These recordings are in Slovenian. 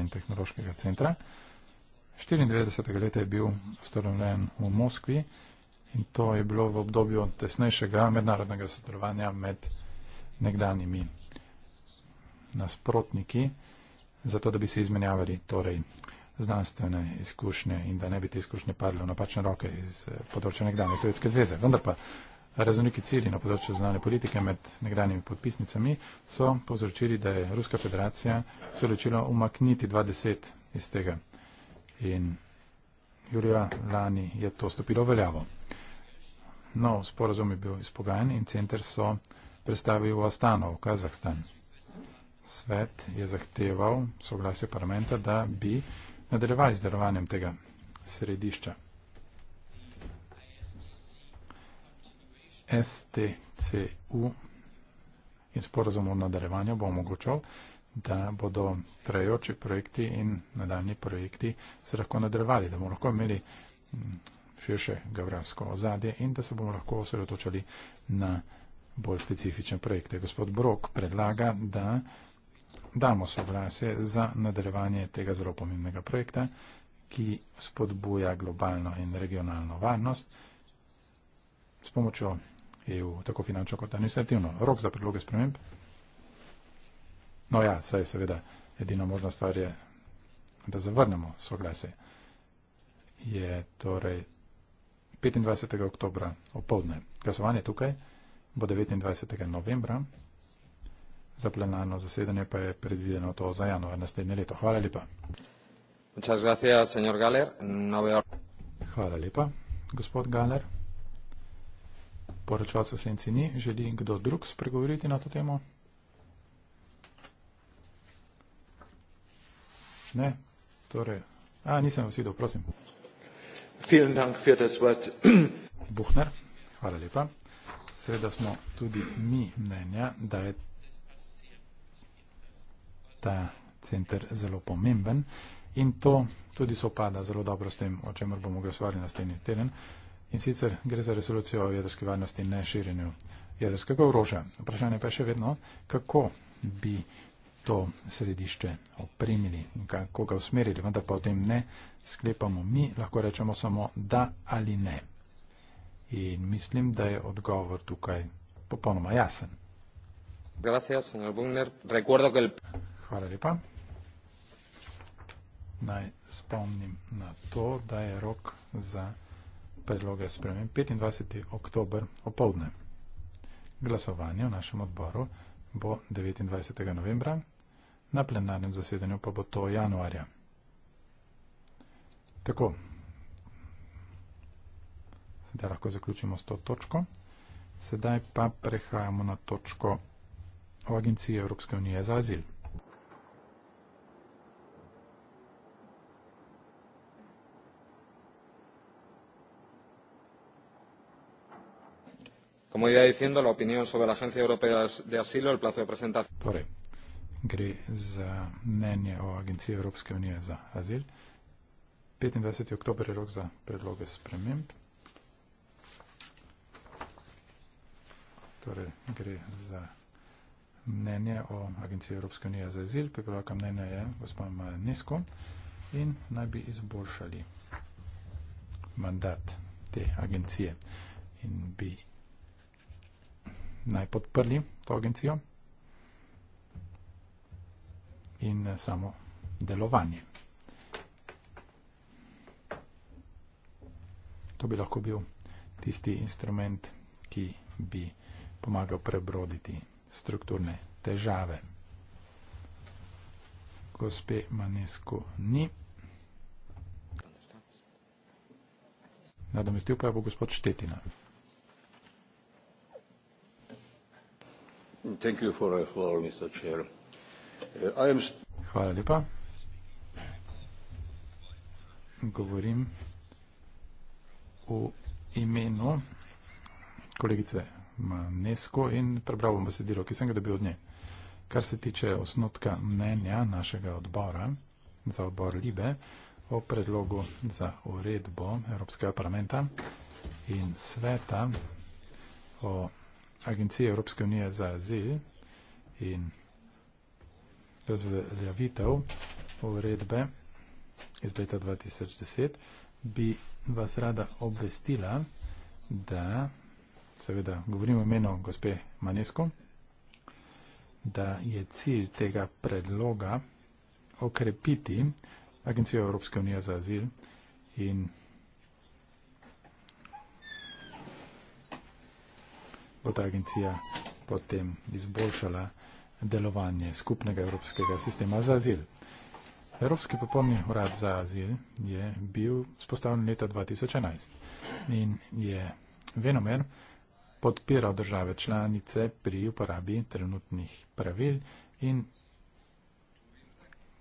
in tehnološkega centra. 94. leta je bil ustanovljen v Moskvi in to je bilo v obdobju tesnejšega mednarodnega sodelovanja med nekdanjimi nasprotniki, zato da bi se izmenjavali torej znanstvene izkušnje in da ne bi te izkušnje padle v napačne roke iz eh, področja nekdanje Sovjetske zveze. Vendar pa Razumniki cilji na področju zunanje politike med nekdanjimi podpisnicami so povzročili, da je Ruska federacija se odločila umakniti 20 iz tega. In Julija lani je to stopilo veljavo. No, sporozum je bil izpogajan in center so predstavili v Astano, v Kazahstan. Svet je zahteval soglasje parlamenta, da bi nadaljevali z delovanjem tega središča. STCU in sporozum o nadaljevanju bo omogočal, da bodo trajoči projekti in nadaljni projekti se lahko nadaljevali, da bomo lahko imeli mm, širše geografsko ozadje in da se bomo lahko osredotočali na bolj specifične projekte. Gospod Brok predlaga, da damo soglasje za nadaljevanje tega zelo pomembnega projekta, ki spodbuja globalno in regionalno varnost s pomočjo EU, tako finančno kot administrativno. Rok za predloge sprememb? No ja, saj seveda edina možna stvar je, da zavrnemo soglasje. Je torej 25. oktobra opoldne. Glasovanje tukaj bo 29. novembra, za plenarno zasedanje pa je predvideno to za januar naslednje leto. Hvala lepa. Muchas gracias, señor Galler. No veo... Hvala lepa, gospod Galler poročevalcev senci ni. Želi kdo drug spregovoriti na to temo? Ne? Torej. A, nisem vas videl, prosim. Buhner, hvala lepa. Seveda smo tudi mi mnenja, da je ta center zelo pomemben in to tudi sopada zelo dobro s tem, o čemer bomo glasovali naslednji teden. Uh, In sicer gre za resolucijo o jedrski varnosti in ne širjenju jedrskega orožja. Vprašanje pa je še vedno, kako bi to središče opremili in kako ga usmerili, vendar pa o tem ne sklepamo mi, lahko rečemo samo da ali ne. In mislim, da je odgovor tukaj popolnoma jasen. Gracias, que... Hvala lepa. Naj spomnim na to, da je rok za predloge spremem 25. oktober opoldne. Glasovanje v našem odboru bo 29. novembra, na plenarnem zasedanju pa bo to januarja. Tako, sedaj lahko zaključimo s to točko. Sedaj pa prehajamo na točko o Agenciji Evropske unije za azil. Como iba diciendo, la opinión sobre la Agencia Europea de Asilo, el plazo de presentación. Torej, gre za mnenje o Agenciji Evropske unije za azil. 25. oktober je rok za predloge sprememb. Torej, gre za mnenje o Agenciji Evropske unije za azil. Pripravljaka mnenja je gospod Nesko in naj bi izboljšali mandat te agencije in bi naj podprli to agencijo in eh, samo delovanje. To bi lahko bil tisti instrument, ki bi pomagal prebroditi strukturne težave. Gospe Manesko ni. Nadomestil pa je bo gospod Štetina. Uh, Hvala lepa. Govorim v imenu kolegice Manesko in prebral bom besedilo, ki sem ga dobil od nje. Kar se tiče osnotka mnenja našega odbora za odbor Libe o predlogu za uredbo Evropskega parlamenta in sveta o predlogu agencije Evropske unije za azil in razveljavitev uredbe iz leta 2010, bi vas rada obvestila, da, seveda govorim o imenu gospe Manesko, da je cilj tega predloga okrepiti Agencijo Evropske unije za azil in razveljavitev bo ta agencija potem izboljšala delovanje skupnega evropskega sistema za azil. Evropski popolni urad za azil je bil spostavljen leta 2011 in je venomer podpiral države članice pri uporabi trenutnih pravil in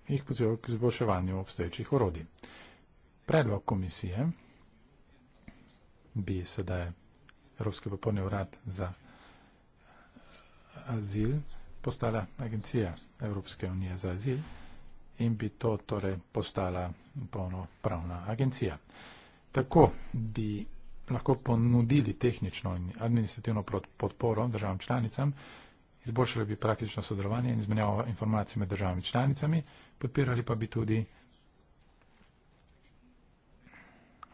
jih pozival k izboljševanju obstoječih orodij. Predlog komisije bi sedaj Evropski popolni urad za azil postala agencija Evropske unije za azil in bi to torej postala polnopravna agencija. Tako bi lahko ponudili tehnično in administrativno podporo državam članicam, izboljšali bi praktično sodelovanje in izmenjavo informacij med državami članicami, podpirali pa bi tudi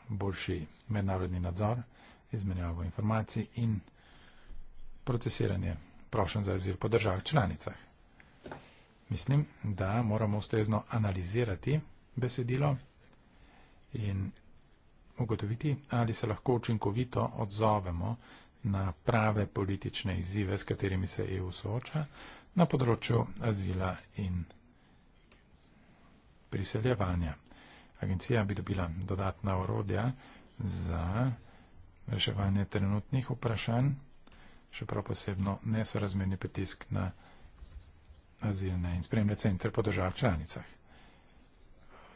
boljši mednarodni nadzor izmenjavo informacij in procesiranje prošen za azil po državah članicah. Mislim, da moramo ustrezno analizirati besedilo in ugotoviti, ali se lahko učinkovito odzovemo na prave politične izzive, s katerimi se EU sooča na področju azila in priseljevanja. Agencija bi dobila dodatna orodja za reševanje trenutnih vprašanj, še prav posebno nesorazmerni pritisk na azilne in spremne centre po državah članicah.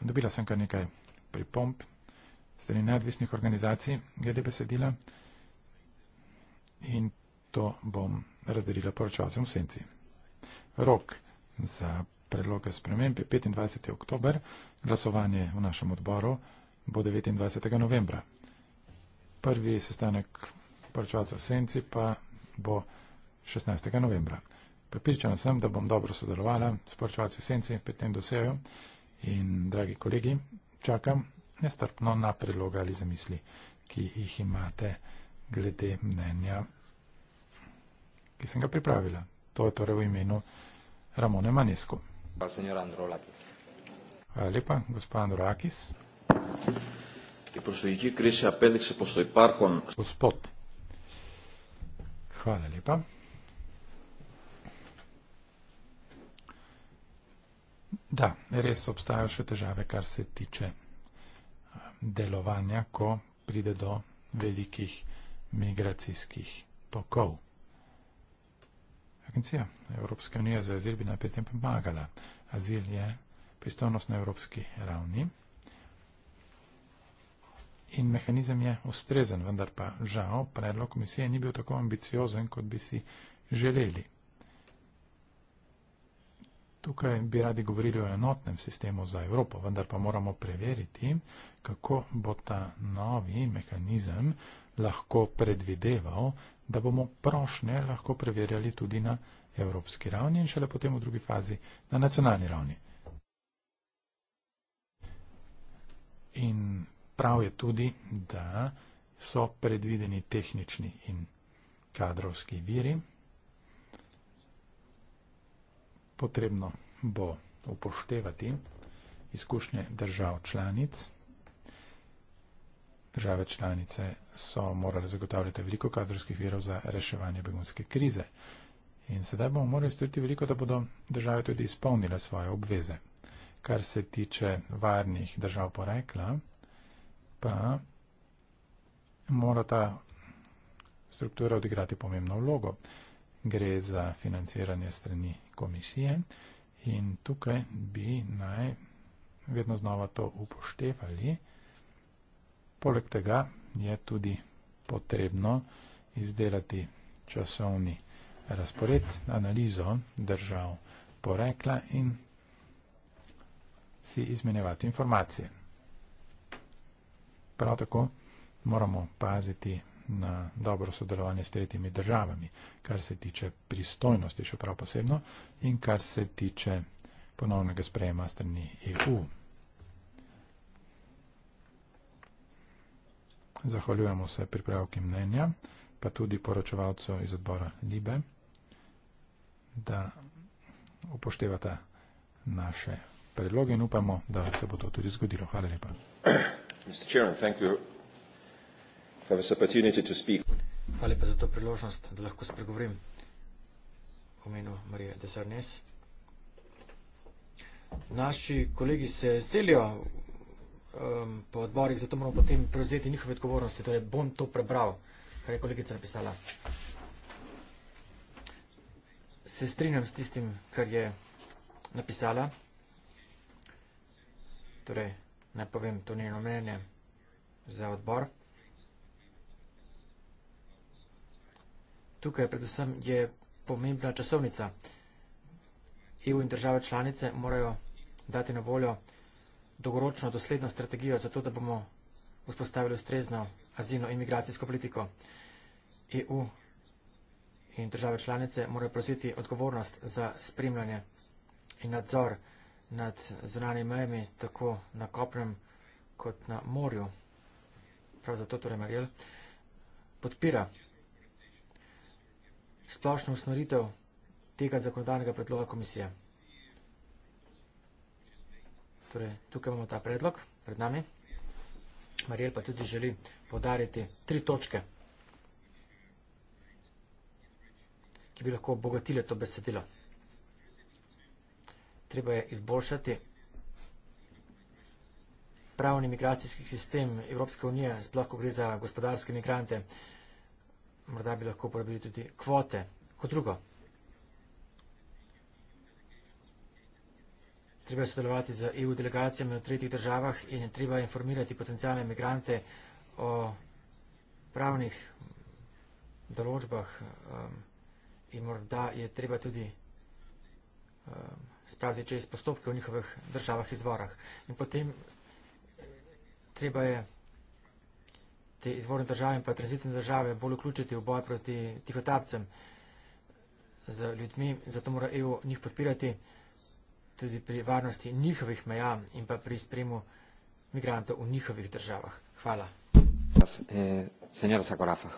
Dobila sem kar nekaj pripomp strani neodvisnih organizacij glede besedila in to bom razdelila poročalcem v senci. Rok za predloge sprememb je 25. oktober, glasovanje v našem odboru bo 29. novembra prvi sestanek poročalcev v Senci pa bo 16. novembra. Pripričana sem, da bom dobro sodelovala s poročalci v Senci pri tem dosegu in, dragi kolegi, čakam nestrpno na predloga ali zamisli, ki jih imate glede mnenja, ki sem ga pripravila. To je torej v imenu Ramone Manesko. Hvala, senjor Androlakis. Hvala lepa, gospod Androlakis. Thank you. Η προσφυγική κρίση απέδειξε πως το υπάρχον... Το σποτ. Χάλα λοιπόν. Da, res obstajajo še težave, kar se tiče eh, delovanja, ko pride do velikih migracijskih tokov. Agencija Evropske unije za azil bi najprej tem pomagala. Azil je pristojnost na evropski ravni in mehanizem je ustrezen, vendar pa žal predlog komisije ni bil tako ambiciozen, kot bi si želeli. Tukaj bi radi govorili o enotnem sistemu za Evropo, vendar pa moramo preveriti, kako bo ta novi mehanizem lahko predvideval, da bomo prošnje lahko preverjali tudi na evropski ravni in šele potem v drugi fazi na nacionalni ravni. In Prav je tudi, da so predvideni tehnični in kadrovski viri. Potrebno bo upoštevati izkušnje držav članic. Države članice so morali zagotavljati veliko kadrovskih virov za reševanje begunske krize. In sedaj bomo morali storiti veliko, da bodo države tudi izpolnile svoje obveze. Kar se tiče varnih držav porekla, pa mora ta struktura odigrati pomembno vlogo. Gre za financiranje strani komisije in tukaj bi naj vedno znova to upoštevali. Poleg tega je tudi potrebno izdelati časovni razpored, analizo držav porekla in si izmenjevati informacije. Prav tako moramo paziti na dobro sodelovanje s tretjimi državami, kar se tiče pristojnosti še prav posebno in kar se tiče ponovnega sprejema strani EU. Zahvaljujemo se pripravki mnenja, pa tudi poročevalcu iz odbora Libe, da upoštevata naše predloge in upamo, da se bo to tudi zgodilo. Hvala lepa. Mr. Chairman, thank you for this opportunity to speak. Hvala lepa za to priložnost, da lahko spregovorim v imenu Marije Desarnes. Naši kolegi se selijo um, po odborih, zato moramo potem prevzeti njihove odgovornosti. Torej, bom to prebral, kar je kolegica napisala. Se strinjam s tistim, kar je napisala. Torej, ne povem, to ni eno mnenje za odbor. Tukaj predvsem je pomembna časovnica. EU in države članice morajo dati na voljo dogoročno dosledno strategijo za to, da bomo vzpostavili ustrezno azilno imigracijsko politiko. EU in države članice morajo prositi odgovornost za spremljanje in nadzor vsega, nad zunanjimi mejami, tako na kopnem kot na morju. Prav zato torej Marijel podpira splošno usmeritev tega zakonodajnega predloga komisije. Torej, tukaj imamo ta predlog pred nami. Marijel pa tudi želi podariti tri točke, ki bi lahko obogatile to besedilo treba je izboljšati. Pravni migracijski sistem Evropske unije, sploh ko gre za gospodarske migrante, morda bi lahko uporabili tudi kvote. Kot drugo, treba je sodelovati z EU delegacijami v tretjih državah in treba je informirati potencijalne migrante o pravnih določbah um, in morda je treba tudi um, spravi čez postopke v njihovih državah izvorah. In potem treba je te izvorne države in pa transitne države bolj vključiti v boj proti tihotapcem z ljudmi, zato mora EU njih podpirati tudi pri varnosti njihovih meja in pa pri spremu migrantov v njihovih državah. Hvala. Eh, señora Sakorafa.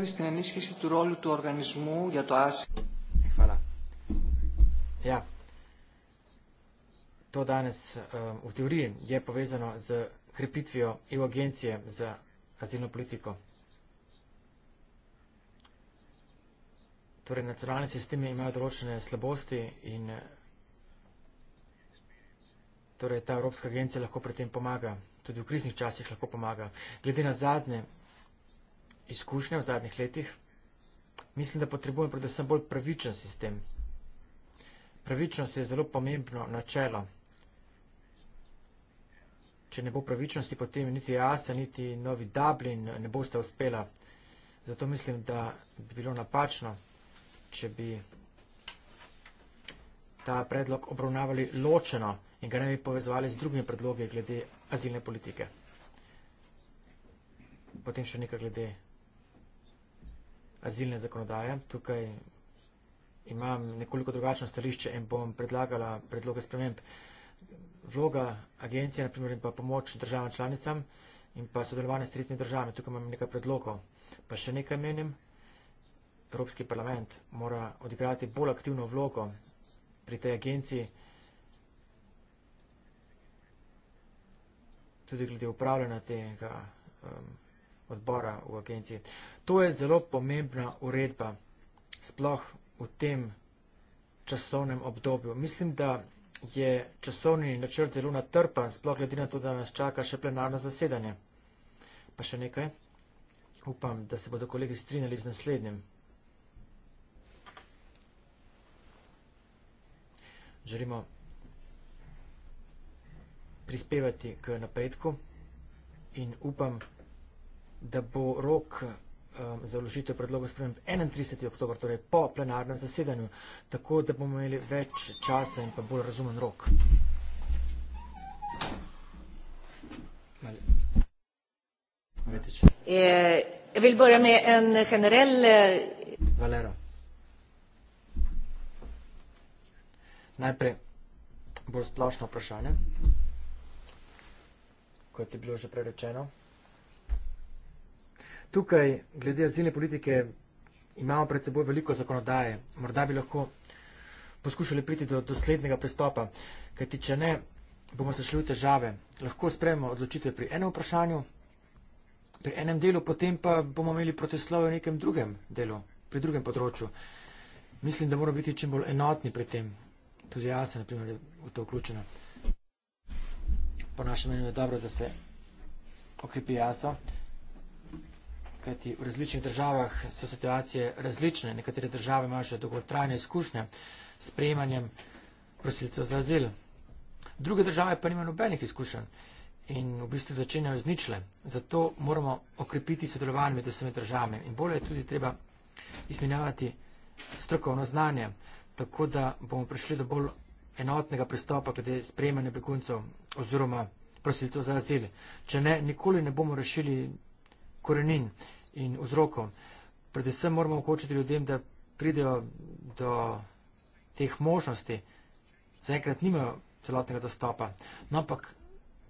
πιστεύεις στην ενίσχυση του ρόλου του οργανισμού για το άσυλο. Ευχαριστώ. Ja, to danes um, v teoriji je povezano z krepitvijo EU agencije za azilno politiko. Torej, nacionalni sistemi imajo določene slabosti in eh, torej, ta Evropska agencija lahko pri tem pomaga, tudi v kriznih časih lahko pomaga. Glede na zadnje izkušnje v zadnjih letih, mislim, da potrebujem predvsem bolj pravičen sistem. Pravičnost je zelo pomembno načelo. Če ne bo pravičnosti, potem niti Asa, niti Novi Dublin ne boste uspela. Zato mislim, da bi bilo napačno, če bi ta predlog obravnavali ločeno in ga ne bi povezovali z drugimi predlogi glede azilne politike. Potem še nekaj glede azilne zakonodaje. Tukaj imam nekoliko drugačno stališče in bom predlagala predloge sprememb. Vloga agencije, naprimer, in pa pomoč državam članicam in pa sodelovanje s tretjimi državami. Tukaj imam nekaj predlogov. Pa še nekaj menim. Evropski parlament mora odigrati bolj aktivno vlogo pri tej agenciji, tudi glede upravljanja tega vloga um, odbora v agenciji. To je zelo pomembna uredba, sploh v tem časovnem obdobju. Mislim, da je časovni načrt zelo natrpan, sploh glede na to, da nas čaka še plenarno zasedanje. Pa še nekaj. Upam, da se bodo kolegi strinjali z naslednjim. Želimo prispevati k napredku in upam, da da bo rok um, za vložitev predlogov sprememb 31. oktober, torej po plenarnem zasedanju, tako da bomo imeli več časa in pa bolj razumen rok. Jeg eh, vil börja med en generell... Eh, Valero. Najprej bolj splošno vprašanje, kot je bilo že prerečeno tukaj, glede azilne politike, imamo pred seboj veliko zakonodaje. Morda bi lahko poskušali priti do doslednega pristopa, kajti če ne, bomo se šli v težave. Lahko sprejmo odločitve pri enem vprašanju, pri enem delu, potem pa bomo imeli protislove v nekem drugem delu, pri drugem področju. Mislim, da moramo biti čim bolj enotni pri tem. Tudi jaz sem, naprimer, v to vključena. Po našem mnenju je dobro, da se okrepi jaso kajti v različnih državah so situacije različne. Nekatere države imajo še dolgotrajne izkušnje s prejemanjem prosilcev za azil. Druge države pa nimajo nobenih izkušenj in v bistvu začenjajo z ničle. Zato moramo okrepiti sodelovanje med vsemi državami in bolje je tudi treba izmenjavati strokovno znanje, tako da bomo prišli do bolj enotnega pristopa glede sprejemanja beguncev oziroma prosilcev za azil. Če ne, nikoli ne bomo rešili korenin in vzrokom. Predvsem moramo okočiti ljudem, da pridejo do teh možnosti. Zaenkrat nimajo celotnega dostopa. No, ampak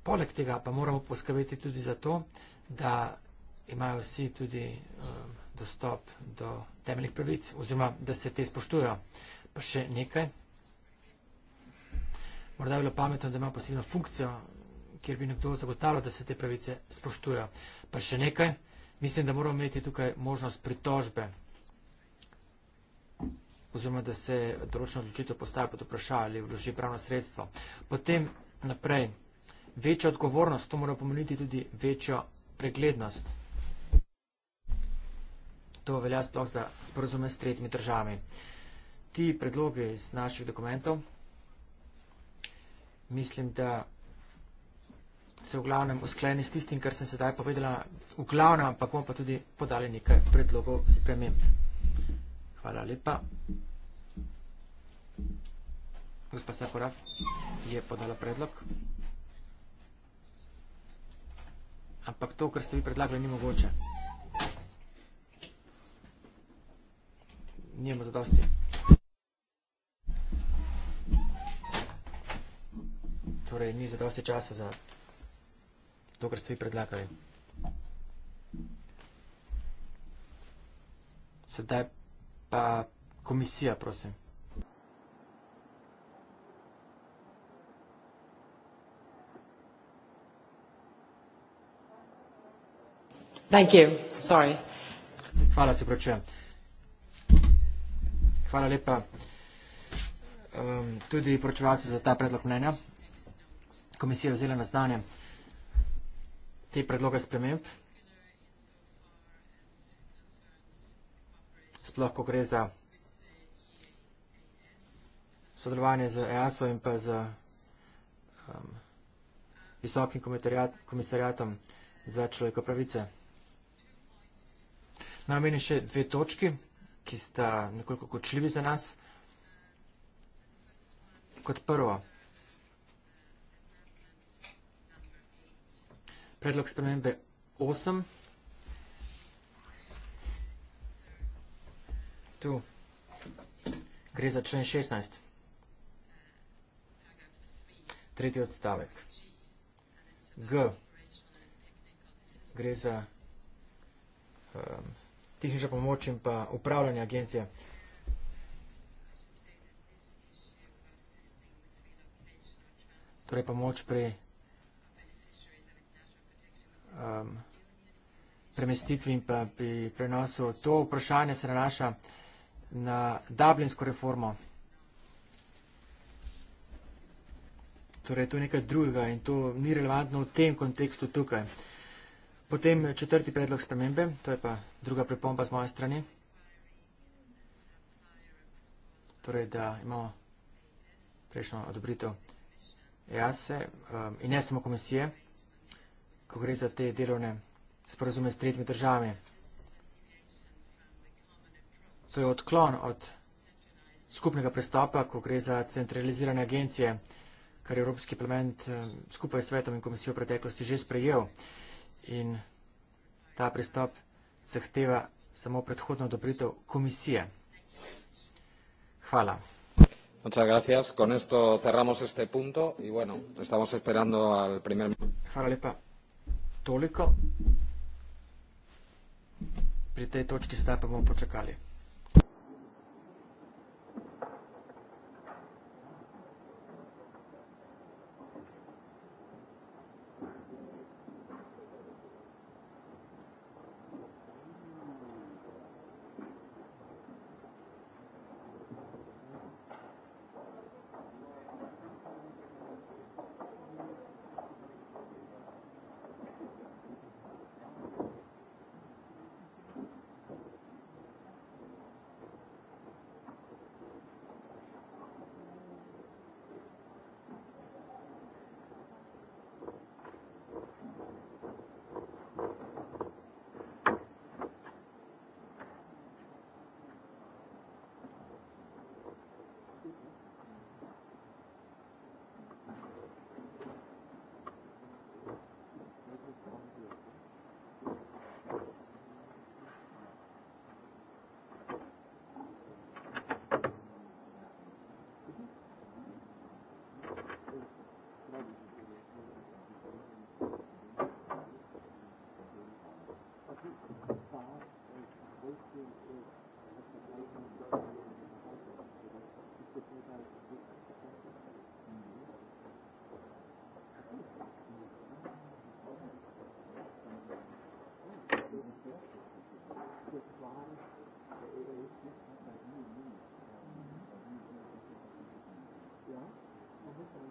poleg tega pa moramo poskrbeti tudi za to, da imajo vsi tudi um, dostop do temeljnih pravic oziroma da se te spoštujejo. Pa še nekaj. Morda je bilo pametno, da ima posebno funkcijo, kjer bi nekdo zagotavljal, da se te pravice spoštujejo. Pa še nekaj mislim, da moramo imeti tukaj možnost pritožbe oziroma, da se določeno odločitev postavi pod vprašanje ali vloži pravno sredstvo. Potem naprej, večja odgovornost, to mora pomeniti tudi večjo preglednost. To velja sploh za sporozume s tretjimi državami. Ti predlogi iz naših dokumentov, mislim, da se v glavnem uskleni s tistim, kar sem sedaj povedala v glavnem, ampak bomo pa tudi podali nekaj predlogov sprememb. Hvala lepa. Gospa Sakora je podala predlog. Ampak to, kar ste vi predlagali, ni mogoče. Nijemo zadosti. Torej, ni zadosti časa za to, kar ste vi predlagali. Sedaj pa komisija, prosim. Thank you. Sorry. Hvala, se pravčujem. Hvala lepa um, tudi poročevalcu za ta predlog mnenja. Komisija je vzela na znanje te predloge sprememb, sploh ko gre za sodelovanje z EASO in pa z um, visokim komisariatom za človeko pravice. Namenim še dve točki, ki sta nekoliko kočljivi za nas. Kot prvo, predlog spremembe osem. Tu gre za člen 16. Tretji odstavek. G. Gre za um, tehnično pomoč in pa upravljanje agencije. Torej pomoč pri um, premestitvi in pa pri prenosu. To vprašanje se nanaša na dublinsko reformo. Torej, to je nekaj drugega in to ni relevantno v tem kontekstu tukaj. Potem četrti predlog spremembe, to je pa druga pripomba z moje strani. Torej, da imamo prejšnjo odobritev EASE um, in ne samo komisije ko gre za te delovne sporazume s tretjimi državami. To je odklon od skupnega pristopa, ko gre za centralizirane agencije, kar je Evropski parlament eh, skupaj s svetom in komisijo preteklosti že sprejel. In ta pristop zahteva samo predhodno odobritev komisije. Hvala. Muchas gracias. Con esto cerramos este punto y bueno, estamos esperando al primer. Hvala lepa toliko. Pri tej točki sedaj pa bomo počakali.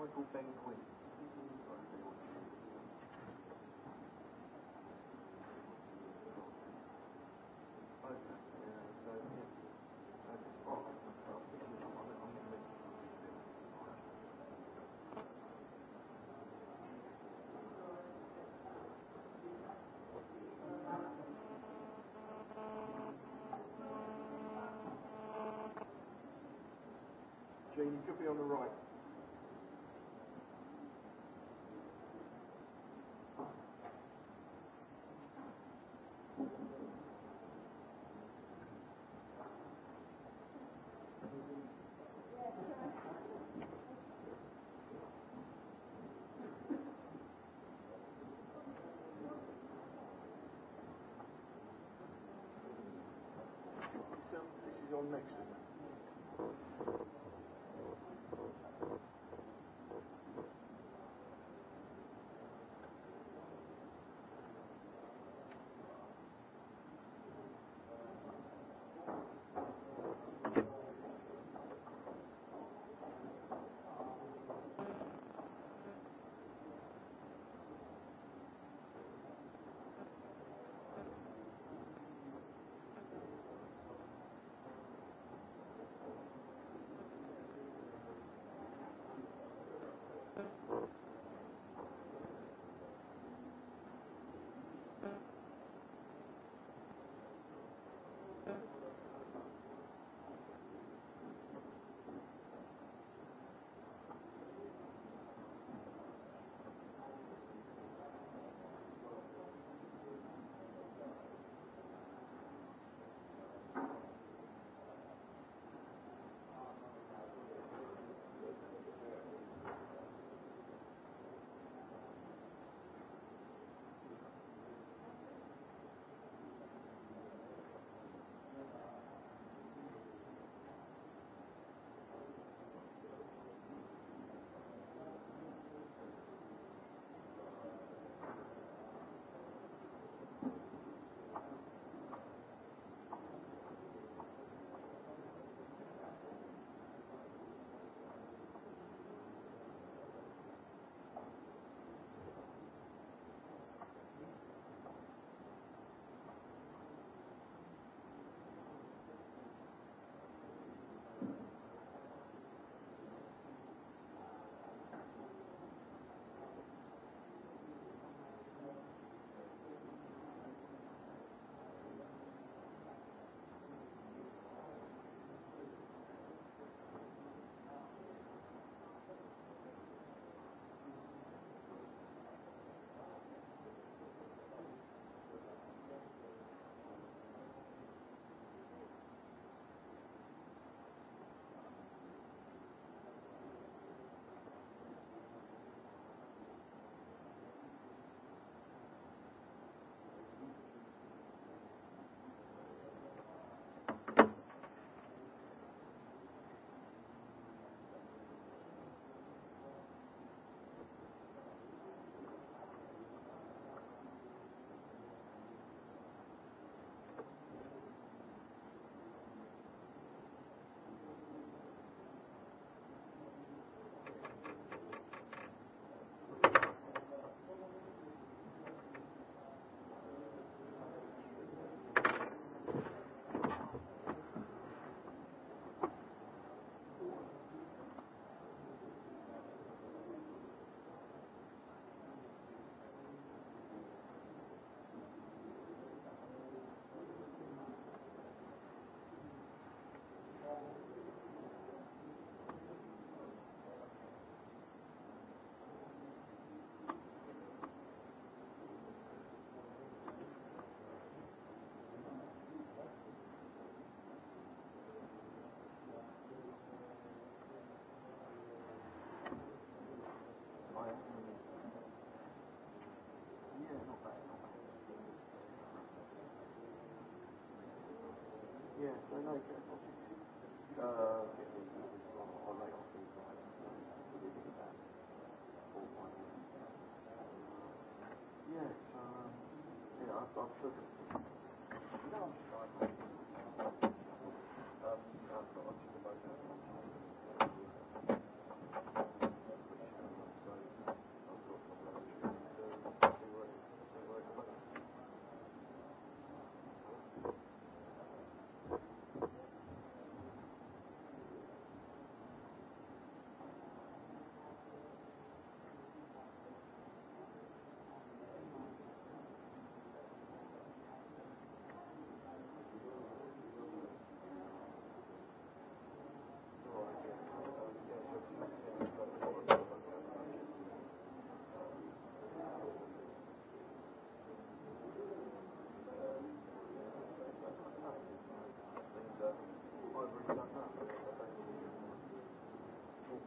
Joyful Banquet. Jane, you could be on the right. next. Yes, uh, um, yeah, I'll, I'll sure.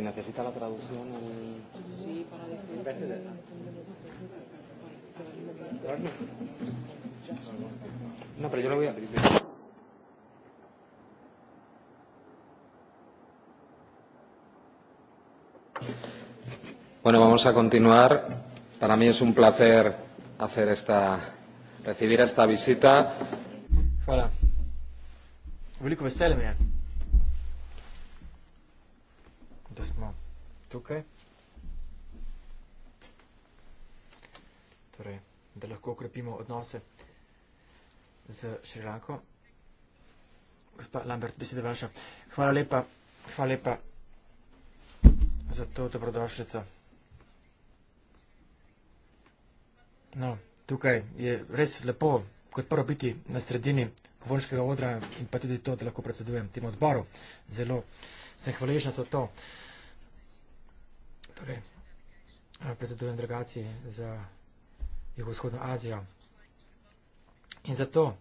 si necesita la traducción. El... Sí, para decir. No, pero yo lo voy a. Bueno, vamos a continuar. Para mí es un placer hacer esta, recibir esta visita. Hola. Veliko veselje mi je. da smo tukaj, torej, da lahko ukrepimo odnose z Šrilanko. Gospa Lambert, beseda vaša. Hvala lepa, hvala lepa za to dobrodošljico. No, tukaj je res lepo, kot prvo biti na sredini Kovonškega odra in pa tudi to, da lahko predsedujem tem odboru. Zelo sem hvaležna za to torej, eh, predsedujem delegaciji za jugovzhodno Azijo. In zato,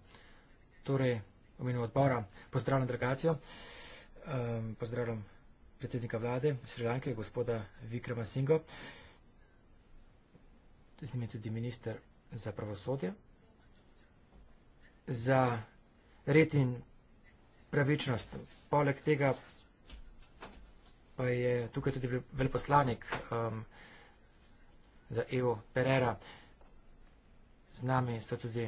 torej, v imenu odbora, pozdravljam delegacijo, um, pozdravljam predsednika vlade Šrilanke, gospoda Vikrama Singo, z njim je tudi minister za pravosodje, za red in pravičnost. Poleg tega pa je tukaj tudi veleposlanik um, za Evo Perera. Z nami so tudi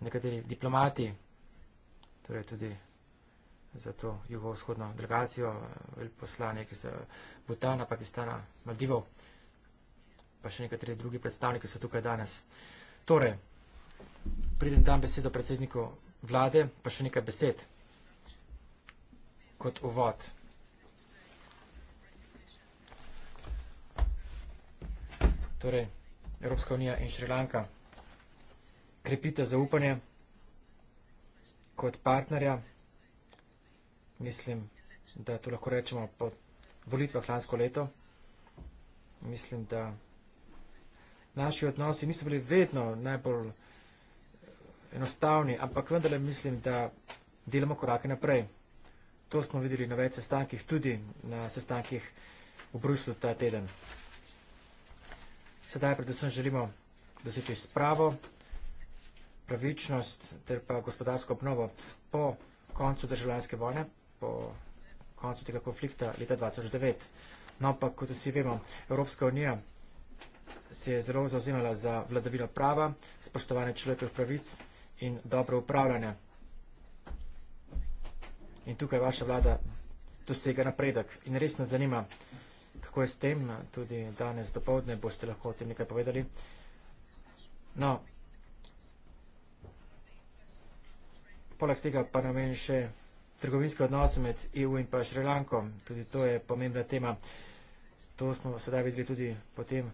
nekateri diplomati, torej tudi za to jugovzhodno delegacijo, veleposlanik iz eh, Butana, Pakistana, Maldivov, pa še nekateri drugi predstavniki so tukaj danes. Torej, pridem dan besedo predsedniku vlade, pa še nekaj besed kot uvod. torej Evropska unija in Šrilanka, krepite zaupanje kot partnerja. Mislim, da to lahko rečemo po volitvah lansko leto. Mislim, da naši odnosi niso bili vedno najbolj enostavni, ampak vendarle mislim, da delamo korake naprej. To smo videli na več sestankih, tudi na sestankih v Bruslu ta teden sedaj predvsem želimo doseči spravo, pravičnost ter pa gospodarsko obnovo po koncu državljanske vojne, po koncu tega konflikta leta 2009. No pa, kot vsi vemo, Evropska unija se je zelo zauzemala za vladavino prava, spoštovanje človekovih pravic in dobro upravljanje. In tukaj vaša vlada dosega napredek. In res nas zanima, kako je s tem, no, tudi danes do povdne boste lahko o tem nekaj povedali. No, poleg tega pa namen še trgovinske odnose med EU in pa Šrilanko, tudi to je pomembna tema. To smo sedaj videli tudi potem,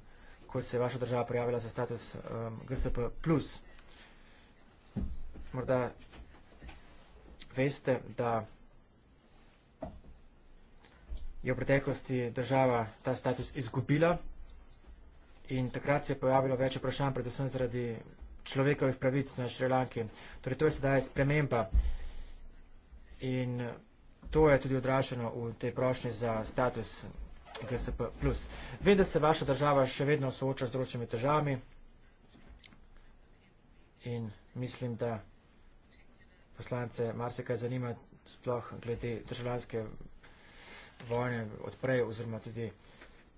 ko se je vaša država prijavila za status um, GSP. Morda veste, da je v preteklosti država ta status izgubila in takrat se je pojavilo več vprašanj, predvsem zaradi človekovih pravic na Šrilanki. Torej, to je sedaj sprememba in to je tudi odrašeno v tej prošnji za status GSP+. Vede se vaša država še vedno sooča z določenimi težavami in mislim, da poslance Marsika je zanima sploh glede državljanske vojne odprejo oziroma tudi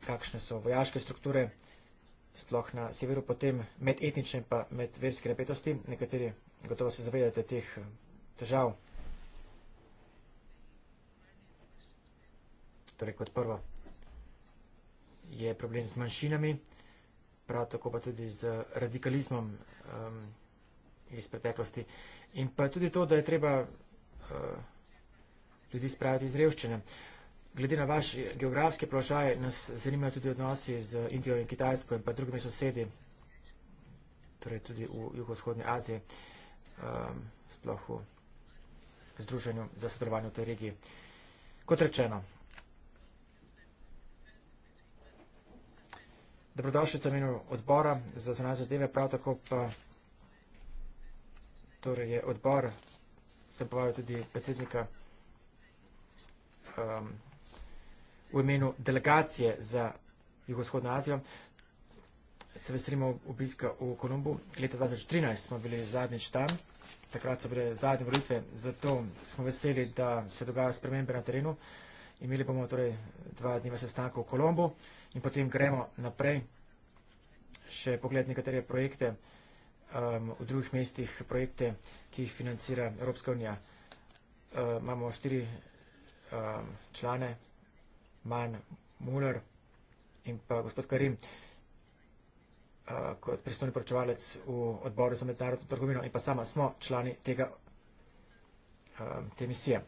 kakšne so vojaške strukture sploh na severu, potem med etnične pa med verske napetosti. Nekateri gotovo se zavedate teh težav. Torej kot prvo je problem z manjšinami, prav tako pa tudi z radikalizmom um, iz preteklosti. In pa tudi to, da je treba uh, ljudi spraviti iz revščine. Uh, Glede na vaš geografski položaj, nas zanimajo tudi odnosi z Indijo in Kitajsko in pa drugimi sosedi, torej tudi v jugovzhodni Aziji, um, sploh v združenju za sodelovanje v tej regiji. Kot rečeno, dobrodošli v imenu odbora za zunanje zadeve, prav tako pa torej je odbor, sem povabil tudi predsednika. Um, v imenu delegacije za Jugoshodno Azijo. Se veselimo obiska v Kolumbu. Leta 2013 smo bili zadnjič tam, takrat so bile zadnje volitve, zato smo veseli, da se dogajajo spremembe na terenu. Imeli bomo torej dva dneva sestanka v Kolumbu in potem gremo naprej še pogled nekatere projekte um, v drugih mestih, projekte, ki jih financira Evropska unija. Um, imamo štiri um, člane manj Muller in pa gospod Karim kot pristojni poročevalec v odboru za mednarodno trgovino in pa sama smo člani tega, te misije.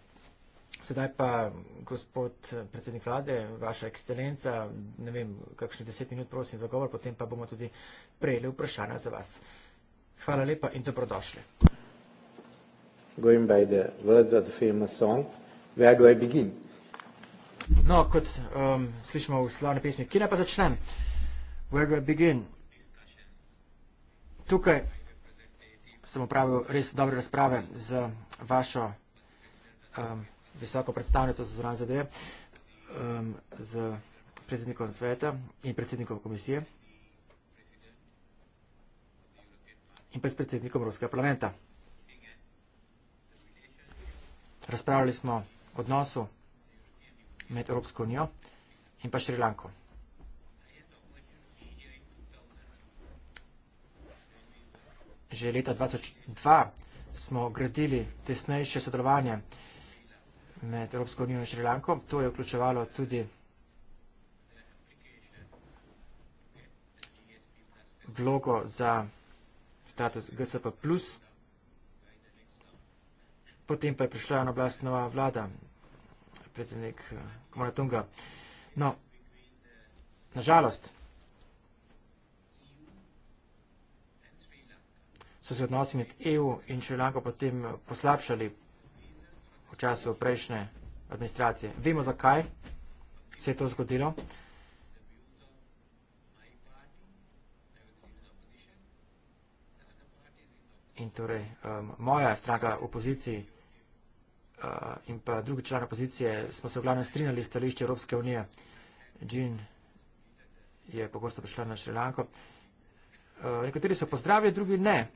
Sedaj pa, gospod predsednik vlade, vaša ekscelenca, ne vem, kakšne deset minut prosim za govor, potem pa bomo tudi prejeli vprašanja za vas. Hvala lepa in dobrodošli. Going by the words of the famous song, where do I begin? No, kot um, slišimo v slavni pesmi, kje naj pa začnem? Where do I begin? Tukaj sem upravil res dobre razprave z vašo um, visoko predstavnico za zvran zadeve, um, z predsednikom sveta in predsednikom komisije in pa s predsednikom Ruskega parlamenta. Razpravljali smo odnosu med Evropsko unijo in pa Šrilanko. Že leta 2002 smo gradili tesnejše sodelovanje med Evropsko unijo in Šrilanko. To je vključevalo tudi vlogo za status GSP+. Potem pa je prišla na oblast nova vlada, predsednik Komaratunga. Eh, no, nažalost, so se odnosi med EU in Šrilanko potem eh, poslabšali v času prejšnje administracije. Vemo, zakaj se je to zgodilo. In torej, um, moja stranka v opoziciji in pa drugi član opozicije smo se v glavnem strinjali stališče Evropske unije. Džin je pogosto prišla na Šrilanko. Nekateri so pozdravili, drugi ne.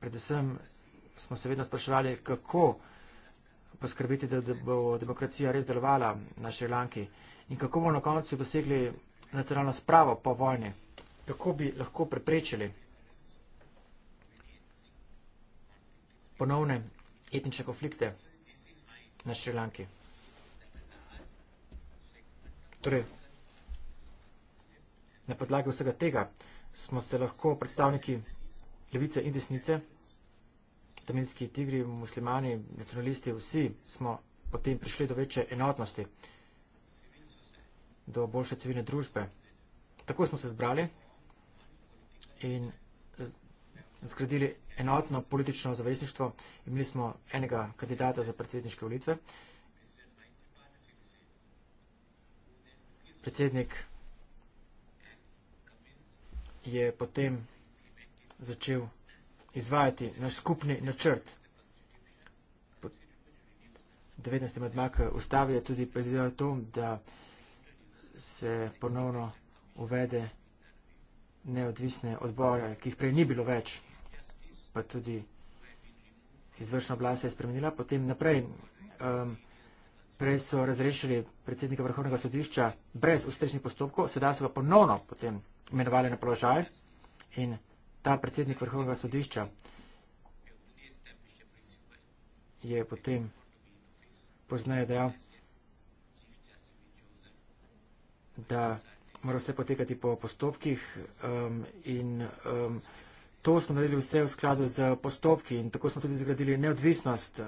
Predvsem smo se vedno spraševali, kako poskrbiti, da bo demokracija res delovala na Šrilanki in kako bomo na koncu dosegli nacionalno spravo po vojni. Kako bi lahko preprečili ponovne etnične konflikte na Šrilanki. Torej, na podlagi vsega tega smo se lahko predstavniki levice in desnice, tamizijski tigri, muslimani, nacionalisti, vsi smo potem prišli do večje enotnosti, do boljše civilne družbe. Tako smo se zbrali in zgradili enotno politično zavezništvo. Imeli smo enega kandidata za predsedniške volitve. Predsednik je potem začel izvajati naš skupni načrt. 19. medmak ustavlja tudi predvidel to, da se ponovno uvede vsega, neodvisne odbore, ki jih prej ni bilo več, pa tudi izvršna oblast se je spremenila. Potem naprej, um, prej so razrešili predsednika vrhovnega sodišča brez ustrešnih postopkov, sedaj so ga ponovno potem imenovali na položaj in ta predsednik vrhovnega sodišča je potem poznaje dejal, da, da mora vse potekati po postopkih um, in um, to smo naredili vse v skladu z postopki in tako smo tudi zgradili neodvisnost uh,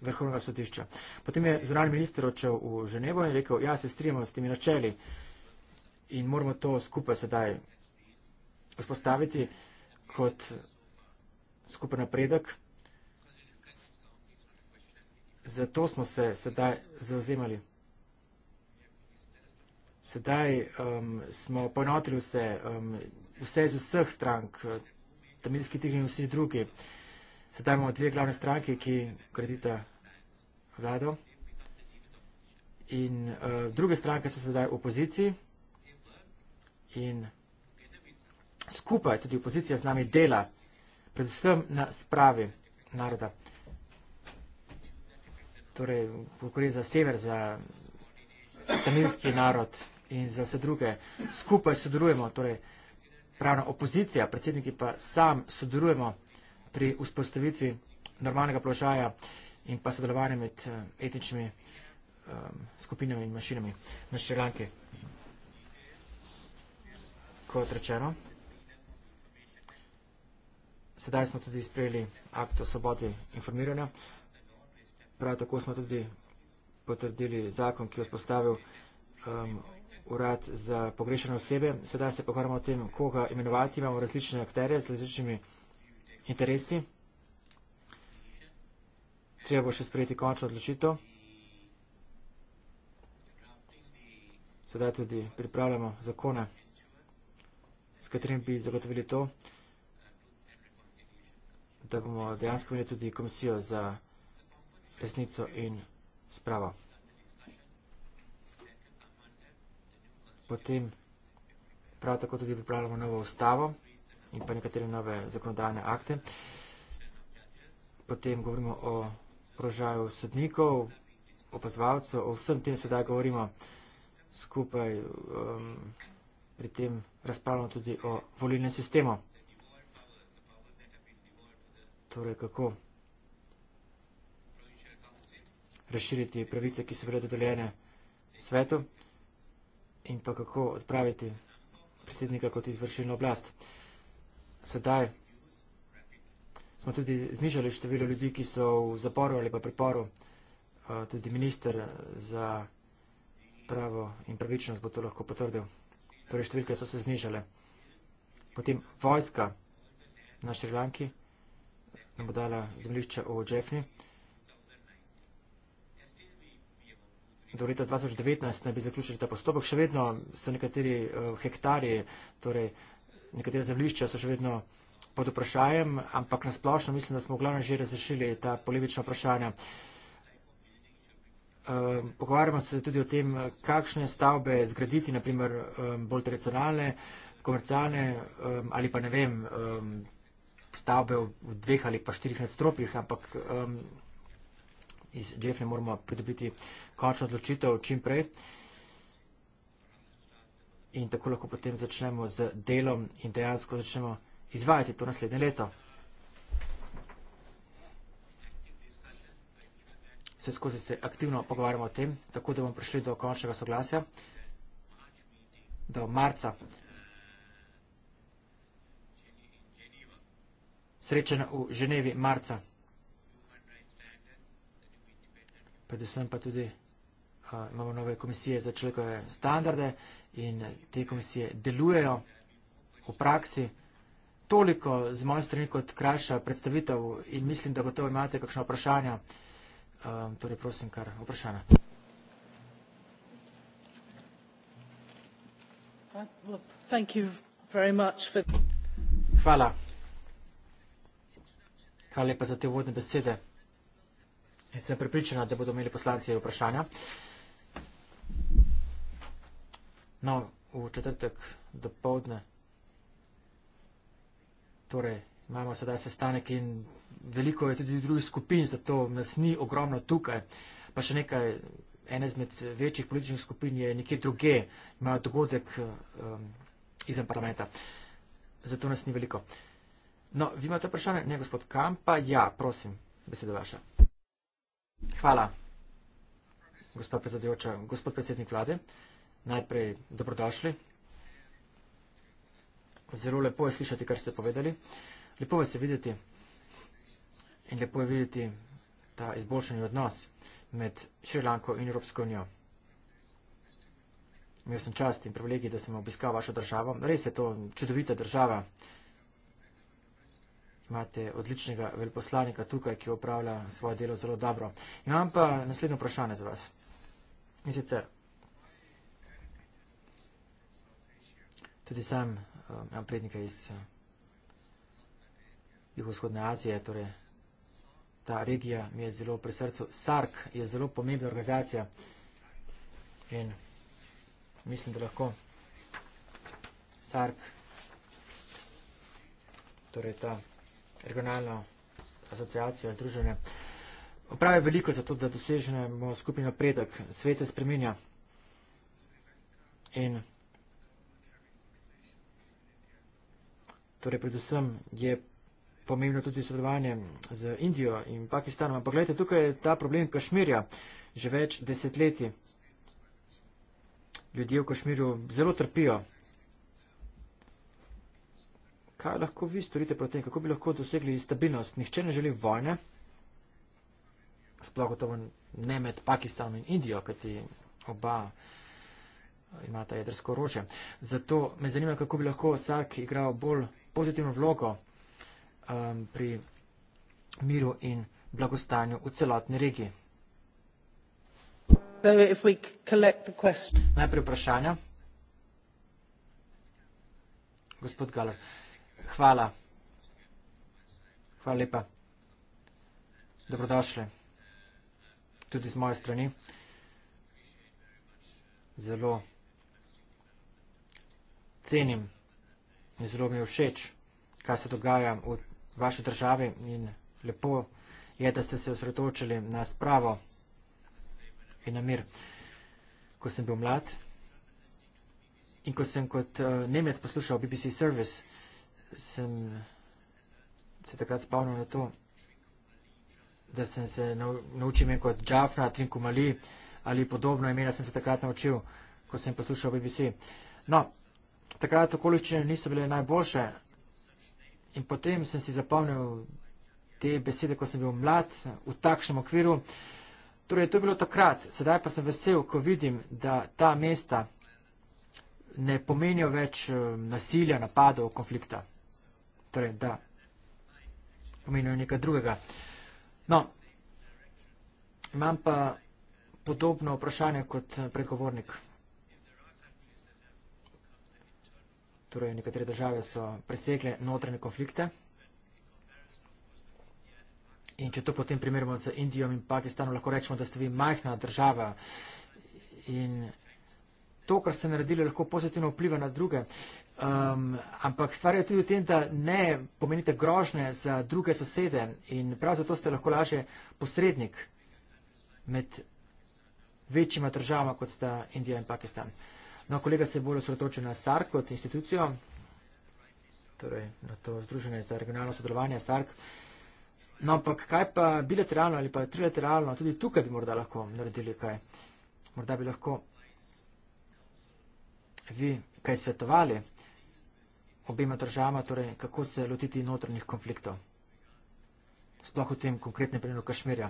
vrhovnega sodišča. Potem je zunanji minister odšel v Ženevo in rekel, ja, se strimo s temi načeli in moramo to skupaj sedaj vzpostaviti kot skupen napredek. Zato smo se sedaj zauzemali sedaj um, smo poenotili vse, um, vse iz vseh strank, tamilski tigri in vsi drugi. Sedaj imamo dve glavne stranke, ki gradita vlado. In uh, druge stranke so sedaj v opoziciji. In skupaj tudi opozicija z nami dela, predvsem na spravi naroda. Torej, ko gre za sever, za tamilski narod in za vse druge. Skupaj sodelujemo, torej pravna opozicija, predsedniki pa sam sodelujemo pri vzpostavitvi normalnega položaja in pa sodelovanje med eh, etničnimi um, skupinami in mašinami na Šrilanki. Kot rečeno, sedaj smo tudi sprejeli akt o svobodi informiranja. Prav tako smo tudi potrdili zakon, ki je vzpostavil um, urad za pogrešene osebe. Sedaj se pogovarjamo o tem, koga imenovati. Imamo različne akterje z različnimi interesi. Treba bo še sprejeti končno odločitev. Sedaj tudi pripravljamo zakone, s katerim bi zagotovili to, da bomo dejansko imeli tudi komisijo za resnico in sprava. Potem prav tako tudi pripravljamo novo ustavo in pa nekatere nove zakonodajne akte. Potem govorimo o prožaju sodnikov, opazovalcev, o vsem tem sedaj govorimo skupaj, um, pri tem razpravljamo tudi o volilnem sistemu. Torej, kako razširiti pravice, ki so bile dodeljene svetu in pa kako odpraviti predsednika kot izvršilno oblast. Sedaj smo tudi znižali število ljudi, ki so v zaporu ali pa priporu. Tudi minister za pravo in pravičnost bo to lahko potrdil. Torej številke so se znižale. Potem vojska na Šrilanki nam bo dala zemlišče v Džefni. do leta 2019 naj bi zaključili ta postopek. Še vedno so nekateri uh, hektari, torej nekatere zemljišča so še vedno pod vprašanjem, ampak nasplošno mislim, da smo v glavnem že razrešili ta polivična vprašanja. Eh, pogovarjamo se tudi o tem, kakšne stavbe zgraditi, naprimer eh, bolj tradicionalne, komercialne ali pa ne vem, stavbe v dveh ali pa štirih nadstropjih, ampak iz Džefne moramo pridobiti končno odločitev čim prej. In tako lahko potem začnemo z delom in dejansko začnemo izvajati to naslednje leto. Vse skozi se aktivno pogovarjamo o tem, tako da bomo prišli do končnega soglasja, do marca. Srečen v Ženevi marca. predvsem pa tudi a, imamo nove komisije za človekove standarde in te komisije delujejo v praksi. Toliko z moje strani kot krajša predstavitev in mislim, da gotovo imate kakšno vprašanje. Torej, prosim, kar vprašanje. Hvala. Hvala lepa za te vodne besede. Jaz sem pripričana, da bodo imeli poslanci vprašanja. No, v četrtek do povdne, torej imamo sedaj sestanek in veliko je tudi drugih skupin, zato nas ni ogromno tukaj. Pa še nekaj, ene zmed večjih političnih skupin je nekje druge, imajo dogodek um, izven parlamenta. Zato nas ni veliko. No, vi imate vprašanje? Ne, gospod Kampa, ja, prosim, beseda vaša. Hvala, gospod predsedujoča. Gospod predsednik vlade, najprej dobrodošli. Zelo lepo je slišati, kar ste povedali. Lepo vas je videti in lepo je videti ta izboljšanji odnos med Šrilanko in Evropsko unijo. Imel sem čast in privilegij, da sem obiskal vašo državo. Res je to čudovita država, imate odličnega veljposlanika tukaj, ki upravlja svoje delo zelo dobro. Imam pa naslednjo vprašanje za vas. In sicer, tudi sam eh, imam prednika iz eh, Jihovzhodne Azije, torej ta regija mi je zelo pri srcu. SARC je zelo pomembna organizacija in mislim, da lahko SARC, torej ta organizacija, regionalno asociacijo in druženje. Opravi veliko za to, da dosežemo skupni napredek. Svet se spreminja in torej predvsem je pomembno tudi sodelovanje z Indijo in Pakistanom. Ampak gledajte, tukaj je ta problem Kašmirja že več desetletij. Ljudje v Kašmirju zelo trpijo kaj lahko vi storite proti tem, kako bi lahko dosegli stabilnost. Nihče ne želi vojne, sploh gotovo ne med Pakistanom in Indijo, kajti oba imata jedrsko orožje. Zato me zanima, kako bi lahko SARK igral bolj pozitivno vlogo um, pri miru in blagostanju v celotni regiji. Najprej vprašanja. Gospod Galar. Hvala. Hvala lepa. Dobrodošli. Tudi z moje strani. Zelo cenim in zelo mi je všeč, kaj se dogaja v vaši državi in lepo je, da ste se osredotočili na spravo in na mir. Ko sem bil mlad in ko sem kot uh, Nemec poslušal BBC Service, uh, sem se takrat spomnil na to, da sem se naučil imen kot Džafna, Trinkumali ali podobno imena sem se takrat naučil, ko sem poslušal BBC. No, takrat okoličine niso bile najboljše in potem sem si zapomnil te besede, ko sem bil mlad v takšnem okviru. Torej, to je bilo takrat, sedaj pa sem vesel, ko vidim, da ta mesta ne pomenijo več eh, nasilja, napadov, konflikta torej da pomenijo nekaj drugega. No, imam pa podobno vprašanje kot pregovornik. Torej, nekatere države so presegle notranje konflikte. In če to potem primerimo z Indijo in Pakistanom, lahko rečemo, da ste vi majhna država. In to, kar ste naredili, lahko pozitivno vpliva na druge. Um, ampak stvar je tudi v tem, da ne pomenite grožne za druge sosede in prav zato ste lahko lažje posrednik med večjima državama, kot sta Indija in Pakistan. No, kolega se bolj osredotočil na SARK kot institucijo, torej na to Združenje za regionalno sodelovanje SARK. No, ampak kaj pa bilateralno ali pa trilateralno, tudi tukaj bi morda lahko naredili kaj. Morda bi lahko vi kaj svetovali obema državama, torej kako se lotiti notranjih konfliktov. Sploh v tem konkretnem primeru Kašmirja.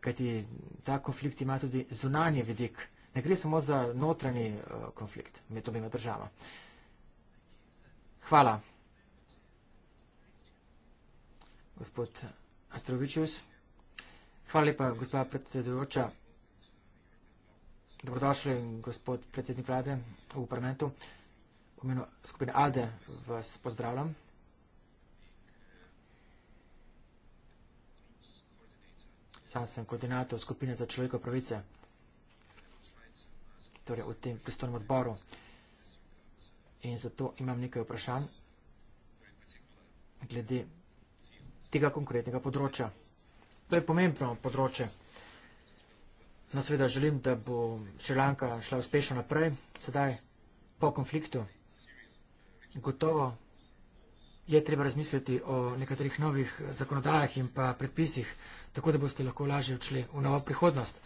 Kajti ta konflikt ima tudi zunanje vidik. Ne gre samo za notranji eh, konflikt med obema državama. Hvala. Gospod Astrovičius. Hvala lepa, gospod predsedujoča. Dobrodošli, gospod predsednik vlade v parlamentu imenu skupine ALDE vas pozdravljam. Sam sem koordinator skupine za človeko pravice, torej v tem pristojnem odboru. In zato imam nekaj vprašanj glede tega konkretnega področja. To je pomembno področje. Na no, sveda želim, da bo Šrilanka šla uspešno naprej, sedaj po konfliktu. Gotovo je treba razmisliti o nekaterih novih zakonodajah in pa predpisih, tako da boste lahko lažje odšli v novo prihodnost.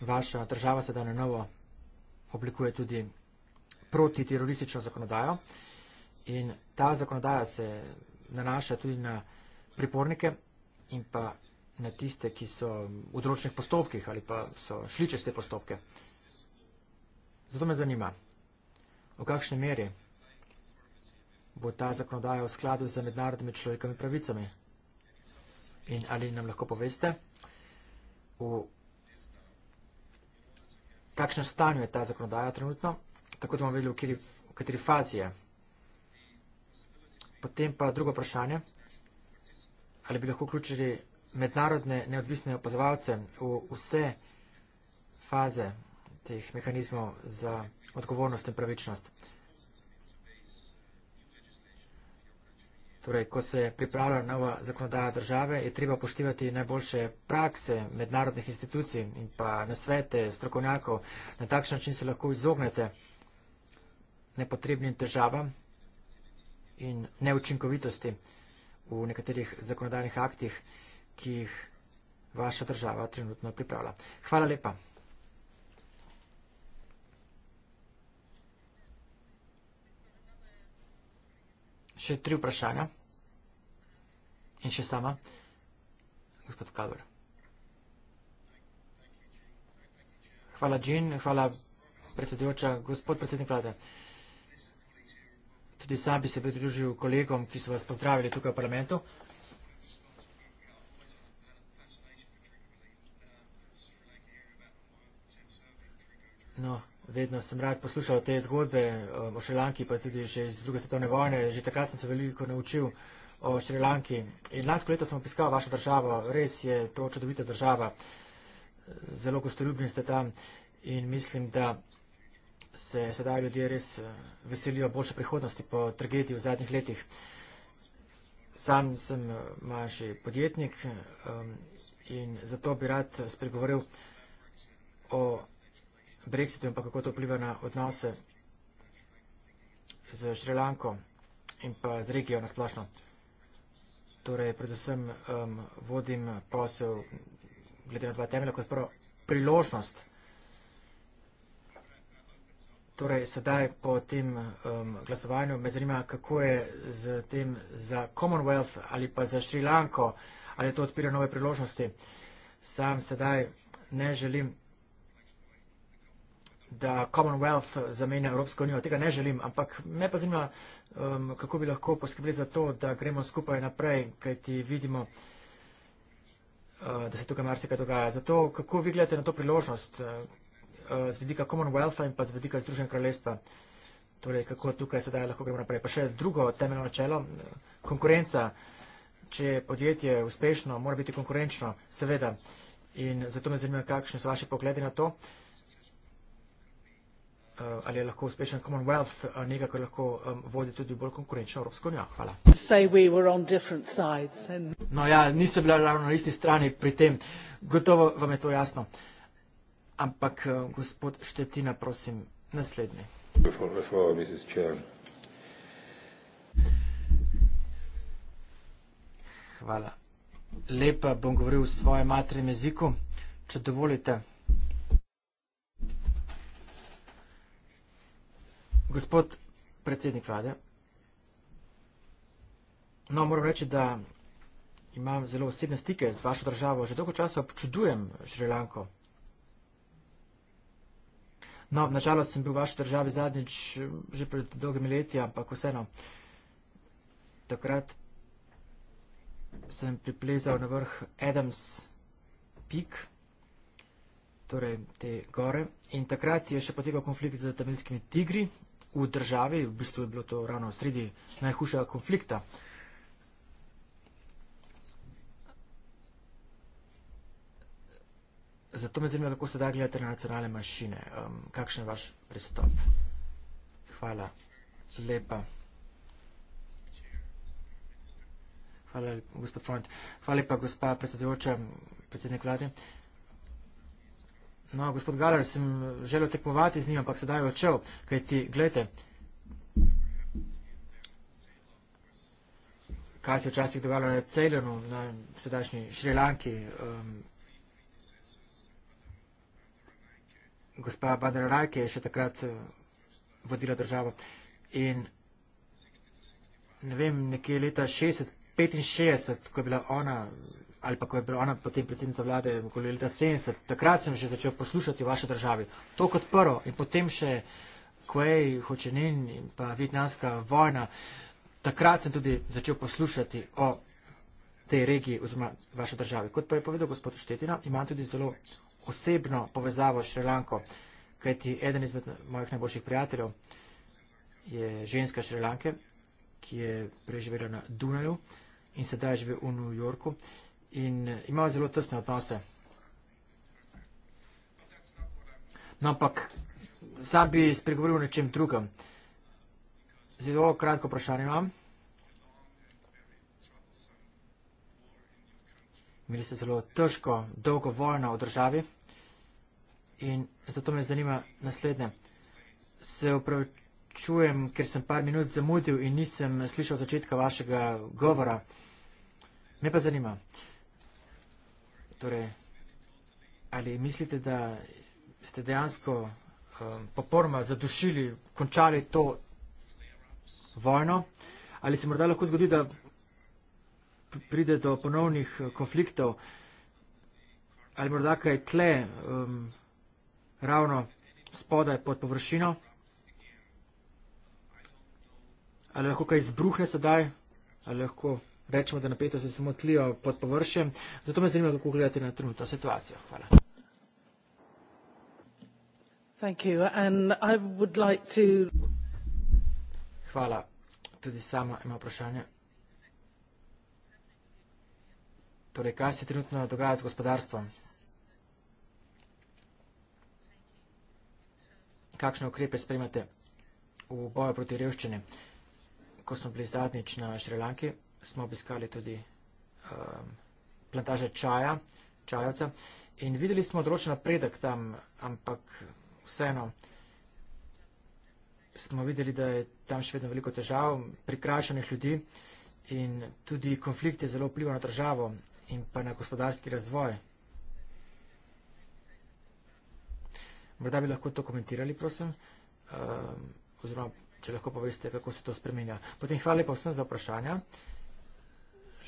Vaša država se da na novo oblikuje tudi protiteroristično zakonodajo in ta zakonodaja se nanaša tudi na pripornike in pa na tiste, ki so v dročnih postopkih ali pa so šli čez te postopke. Zato me zanima v kakšni meri bo ta zakonodaja v skladu z mednarodnimi človekami pravicami. In ali nam lahko poveste, v kakšnem stanju je ta zakonodaja trenutno, tako da bomo vedeli, v kateri, v kateri fazi je. Potem pa drugo vprašanje, ali bi lahko vključili mednarodne neodvisne opazovalce v vse faze teh mehanizmov za odgovornost in pravičnost. Torej, ko se pripravlja nova zakonodaja države, je treba poštivati najboljše prakse mednarodnih institucij in pa nasvete strokovnjakov. Na takšen način se lahko izognete nepotrebnim težavam in neučinkovitosti v nekaterih zakonodajnih aktih, ki jih vaša država trenutno pripravlja. Hvala lepa. Še tri vprašanja in še sama. Gospod Kalver. Hvala, Džin, hvala, predsedujoča, gospod predsednik vlade. Tudi sam bi se pridružil kolegom, ki so vas pozdravili tukaj v parlamentu. No, Vedno sem rad poslušal te zgodbe um, o Šrilanki, pa tudi že iz druge svetovne vojne. Že takrat sem se veliko naučil o Šrilanki. In lansko leto sem opiskal vašo državo. Res je to čudovita država. Zelo gostoljubni ste tam in mislim, da se sedaj ljudje res uh, veselijo boljše prihodnosti po tragediji v zadnjih letih. Sam sem uh, manjši podjetnik um, in zato bi rad spregovoril o Šrilanki Brexitu in pa kako to vpliva na odnose z Šrilanko in pa z regijo nasplošno. Torej, predvsem um, vodim posel glede na dva temelja kot prvo priložnost. Torej, sedaj po tem um, glasovanju me zanima, kako je z tem za Commonwealth ali pa za Šrilanko, ali to odpira nove priložnosti. Sam sedaj ne želim da Commonwealth zamenja Evropsko unijo. Tega ne želim, ampak me pa zanima, um, kako bi lahko poskrbeli za to, da gremo skupaj naprej, kaj ti vidimo, uh, da se tukaj marsikaj dogaja. Zato, kako vi gledate na to priložnost uh, z vidika Commonwealtha in pa z vidika Združenega kraljestva? Torej, kako tukaj sedaj lahko gremo naprej. Pa še drugo temeljno načelo, konkurenca. Če je podjetje uspešno, mora biti konkurenčno, seveda. In zato me zanima, kakšni so vaši pogledi na to. Uh, Eh, ali je lahko uspešen Commonwealth eh, nekaj, kar lahko um, vodi tudi bolj konkurenčno Evropsko unijo. Hvala. We and... No ja, niste bili ravno na isti strani pri tem. Gotovo vam je to jasno. Ampak, eh, gospod Štetina, prosim, naslednji. Hvala. Lepa bom govoril v svojem materjem jeziku, če dovolite. Gospod predsednik vlade, no, moram reči, da imam zelo osebne stike z vašo državo, že dolgo časa občudujem Šrilanko. No, nažalost sem bil v vaši državi zadnjič že pred dolgimi leti, ampak vseeno, takrat sem priplezal na vrh Adams Peak, torej te gore, in takrat je še potekal konflikt z tamilskimi tigri, v državi, v bistvu je bilo to ravno sredi najhujšega konflikta. Zato me zanima, kako se da gledate na nacionalne mašine. Um, kakšen je vaš pristop? Hvala. Lepa. Hvala, gospod Fond. Hvala lepa, gospa predsedujoča, predsednik vlade. Uh, No, gospod Galar, sem želel tekmovati z njim, ampak sedaj je odšel, kaj ti, gledajte, kaj se je včasih dogajalo na Ceylonu, na sedajšnji Šrilanki. Um, gospa Bandera Rajke je še takrat uh, vodila državo. In ne vem, nekje leta 60 65, ko je bila ona, ali pa ko je bila ona potem predsednica vlade, ko je leta 70, takrat sem že začel poslušati o vaši državi. To kot prvo in potem še Kuej, Hočenin in pa Vietnamska vojna, takrat sem tudi začel poslušati o tej regiji oziroma vaše državi. Kot pa je povedal gospod Štetina, imam tudi zelo osebno povezavo s Šrilanko, kajti eden izmed mojih najboljših prijateljev je ženska Šrilanke, ki je preživela na Dunaju in sedaj živi v New Yorku in eh, ima zelo tesne odnose. No, ampak sam bi spregovoril o nečem drugem. Zelo kratko vprašanje imam. Imeli ste zelo težko, dolgo vojno v državi in zato me zanima naslednje. Se upravičujem, ker sem par minut zamudil in nisem slišal začetka vašega govora. Me pa zanima, torej, ali mislite, da ste dejansko um, eh, poporma zadušili, končali to vojno, ali se morda lahko zgodi, da pride do ponovnih eh, konfliktov, ali morda kaj tle um, ravno spodaj pod površino, ali lahko kaj izbruhne sedaj, ali lahko rečemo, da napetosti samo tlijo pod površjem. Zato me zanima, kako gledate na trenutno situacijo. Hvala. Like to... Hvala. Tudi sama ima vprašanje. Torej, kaj se trenutno dogaja z gospodarstvom? Kakšne ukrepe sprejmate v boju proti revščini, ko smo bili zadnjič na Šrilanki? smo obiskali tudi um, plantaže čaja, čajovca in videli smo odročen napredek tam, ampak vseeno smo videli, da je tam še vedno veliko težav, prikrajšanih ljudi in tudi konflikt je zelo vplival na državo in pa na gospodarski razvoj. Morda bi lahko to komentirali, prosim, um, oziroma če lahko poveste, kako se to spremenja. Potem hvala lepa vsem za vprašanja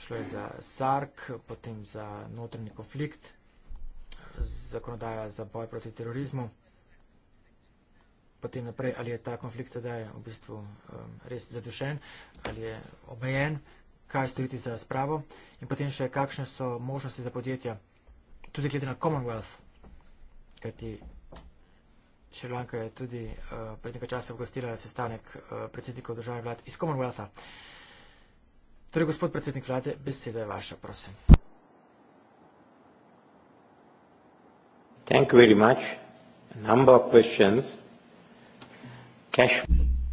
šlo je za SARK, potem za notrni konflikt, zakonodaja za boj proti terorizmu, potem naprej, ali je ta konflikt sedaj v bistvu um, res zadušen, ali je omejen, kaj storiti za spravo in potem še kakšne so možnosti za podjetja, tudi glede na Commonwealth, kajti Šrilanka je tudi uh, pred nekaj časa gostila sestanek uh, predsednikov države vlad iz Commonwealtha. Uh, Torej, gospod predsednik vlade, beseda je vaša, prosim.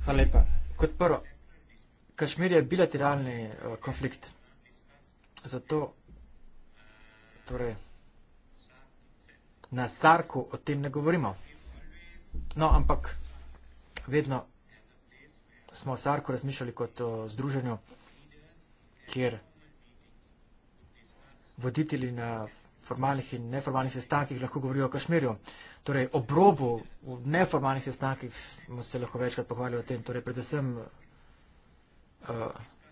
Hvala lepa. Kot prvo, Kašmir je bilateralni eh, konflikt. Zato, torej, na Sarku o tem ne govorimo. No, ampak vedno smo o Sarku razmišljali kot o združenju vsega kjer voditelji na formalnih in neformalnih sestankih lahko govorijo o Kašmirju. Torej, ob robu v neformalnih sestankih smo se lahko večkrat pohvalili o tem. Torej, predvsem uh, eh,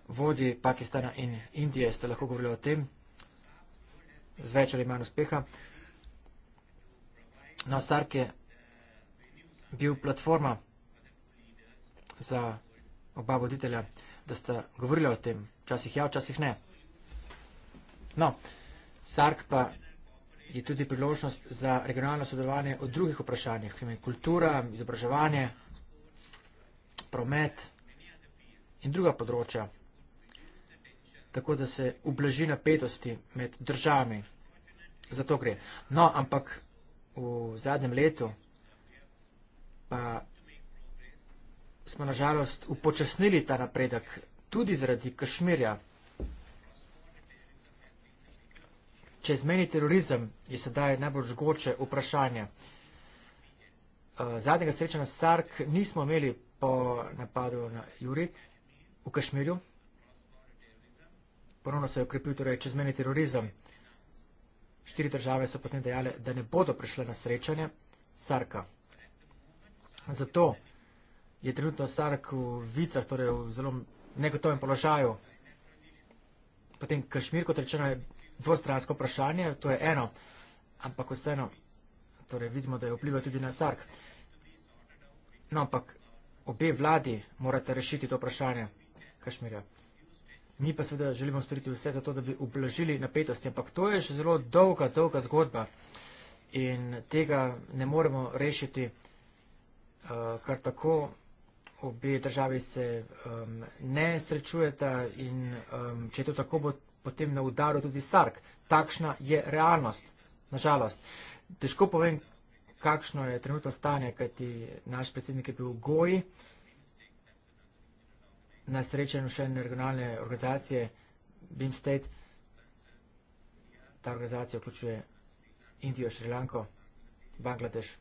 vodi Pakistana in Indije ste lahko govorili o tem z več ali manj uspeha. No, SARK je bil platforma za oba voditelja, da sta govorila o tem včasih ja, včasih ne. No, Sark pa je tudi priložnost za regionalno sodelovanje o drugih vprašanjih, kot je kultura, izobraževanje, promet in druga področja, tako da se ublaži napetosti med državami. Za to gre. No, ampak v zadnjem letu pa smo nažalost upočasnili ta napredek tudi zaradi Kašmirja. Čezmeni terorizem je sedaj najbolj žgoče vprašanje. Eh, zadnjega sreča na Sark nismo imeli po napadu na Juri v Kašmirju. Ponovno se je okrepil torej čezmeni terorizem. Štiri države so potem dejale, da ne bodo prišle na srečanje Sarka. Zato je trenutno Sark v Vicah, torej v zelo negotovem položaju. Potem Kašmir, kot rečeno, je dvostransko vprašanje, to je eno, ampak vseeno, torej vidimo, da je vplival tudi na Sark. No, ampak obe vladi morate rešiti to vprašanje Kašmirja. Mi pa seveda želimo storiti vse za to, da bi ublažili napetosti, ampak to je že zelo dolga, dolga zgodba in tega ne moremo rešiti uh, kar tako obe državi se um, ne srečujeta in um, če je to tako, bo potem na udaru tudi Sark. Takšna je realnost, nažalost. Težko povem, kakšno je trenutno stanje, kajti naš predsednik je bil v goji na srečanju še ene regionalne organizacije, BIM State. Ta organizacija vključuje Indijo, Šrilanko, Bangladeš,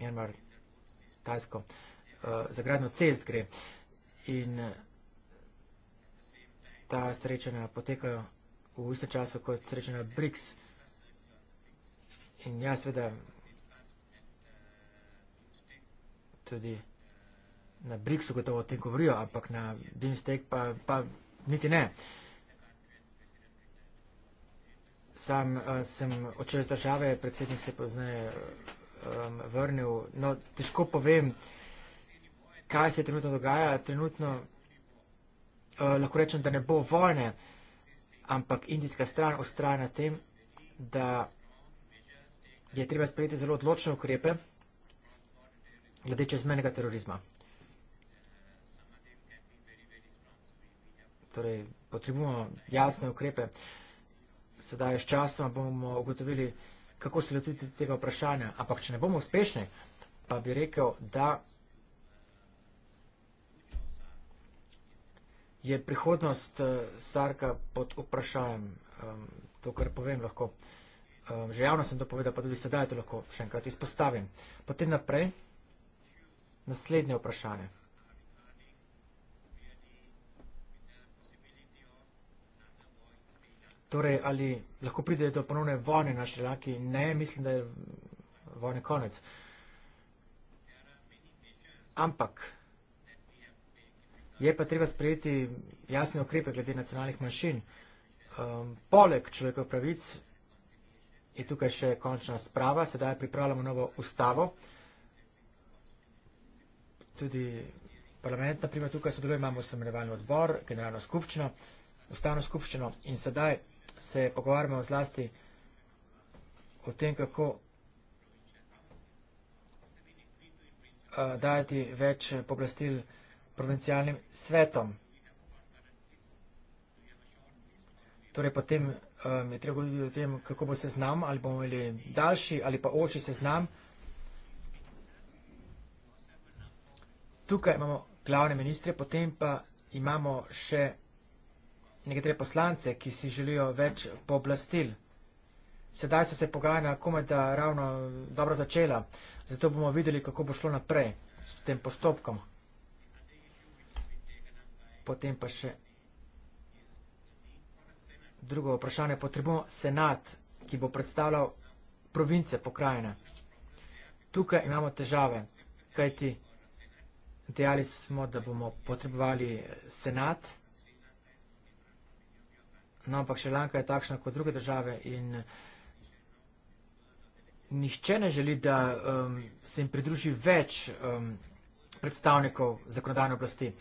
Mjernmar, Kitajsko, eh, za gradno cest gre. In eh, ta srečanja potekajo v istem času kot srečanja BRICS. In ja, seveda, tudi na BRICS-u gotovo o tem govorijo, ampak na BIMSTEK pa, pa niti ne. Sam uh, sem odšel iz države, predsednik se poznaje. Uh, um, vrnil. No, težko povem, kaj se trenutno dogaja. Trenutno uh, lahko rečem, da ne bo vojne, ampak indijska stran ustraja na tem, da je treba sprejeti zelo odločne ukrepe glede čezmenega terorizma. Torej, potrebujemo jasne ukrepe. Sedaj s časom bomo ugotovili, kako se lotiti tega vprašanja. Ampak, če ne bomo uspešni, pa bi rekel, da je prihodnost eh, Sarka pod vprašanjem. Ehm, to, kar povem, lahko. Ehm, že javno sem to povedal, pa tudi sedaj to lahko še enkrat izpostavim. Potem naprej, naslednje vprašanje. Torej, ali lahko pride do ponovne vojne na Šrilanki? Ne, mislim, da je vojne konec. Ampak je pa treba sprejeti jasne okrepe glede nacionalnih manjšin. Um, poleg človekov pravic je tukaj še končna sprava, sedaj pripravljamo novo ustavo. Tudi parlament, naprimer, tukaj sodeluje, imamo usmerjevalni odbor, generalno skupščino, ustavno skupščino in sedaj se pogovarjamo zlasti o tem, kako dajati več poblastil provincialnim svetom. Torej, potem um, je treba govoriti o tem, kako bo seznam, ali bomo imeli daljši ali pa oči seznam. Tukaj imamo glavne ministre, potem pa imamo še nekatere poslance, ki si želijo več pooblastil. Sedaj so se pogajanja komaj da ravno dobro začela, zato bomo videli, kako bo šlo naprej s tem postopkom. Potem pa še drugo vprašanje. Potrebujemo senat, ki bo predstavljal province pokrajine. Tukaj imamo težave, kajti dejali smo, da bomo potrebovali senat. No, ampak Šrilanka je takšna kot druge države in nihče ne želi, da um, se jim pridruži več um, predstavnikov zakonodajne oblasti.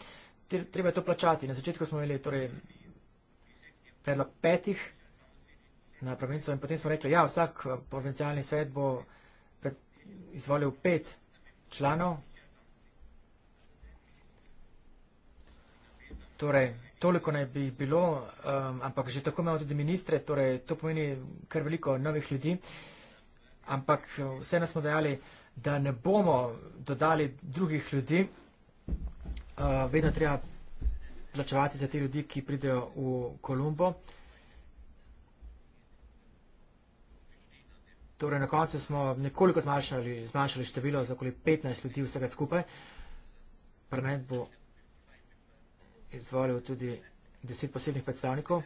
Treba je to plačati. Na začetku smo imeli torej, predlog petih na provinco in potem smo rekli, da ja, vsak uh, provincialni svet bo izvolil pet članov. Torej, toliko naj bi bilo, um, ampak že tako imamo tudi ministre, torej to pomeni kar veliko novih ljudi. Ampak uh, vseeno smo dejali, da ne bomo dodali drugih ljudi. Uh, vedno treba plačevati za te ljudi, ki pridejo v Kolumbo. Torej, na koncu smo nekoliko zmanjšali, zmanjšali število, za okoli 15 ljudi vsega skupaj. Parlament bo izvolil tudi deset posebnih predstavnikov.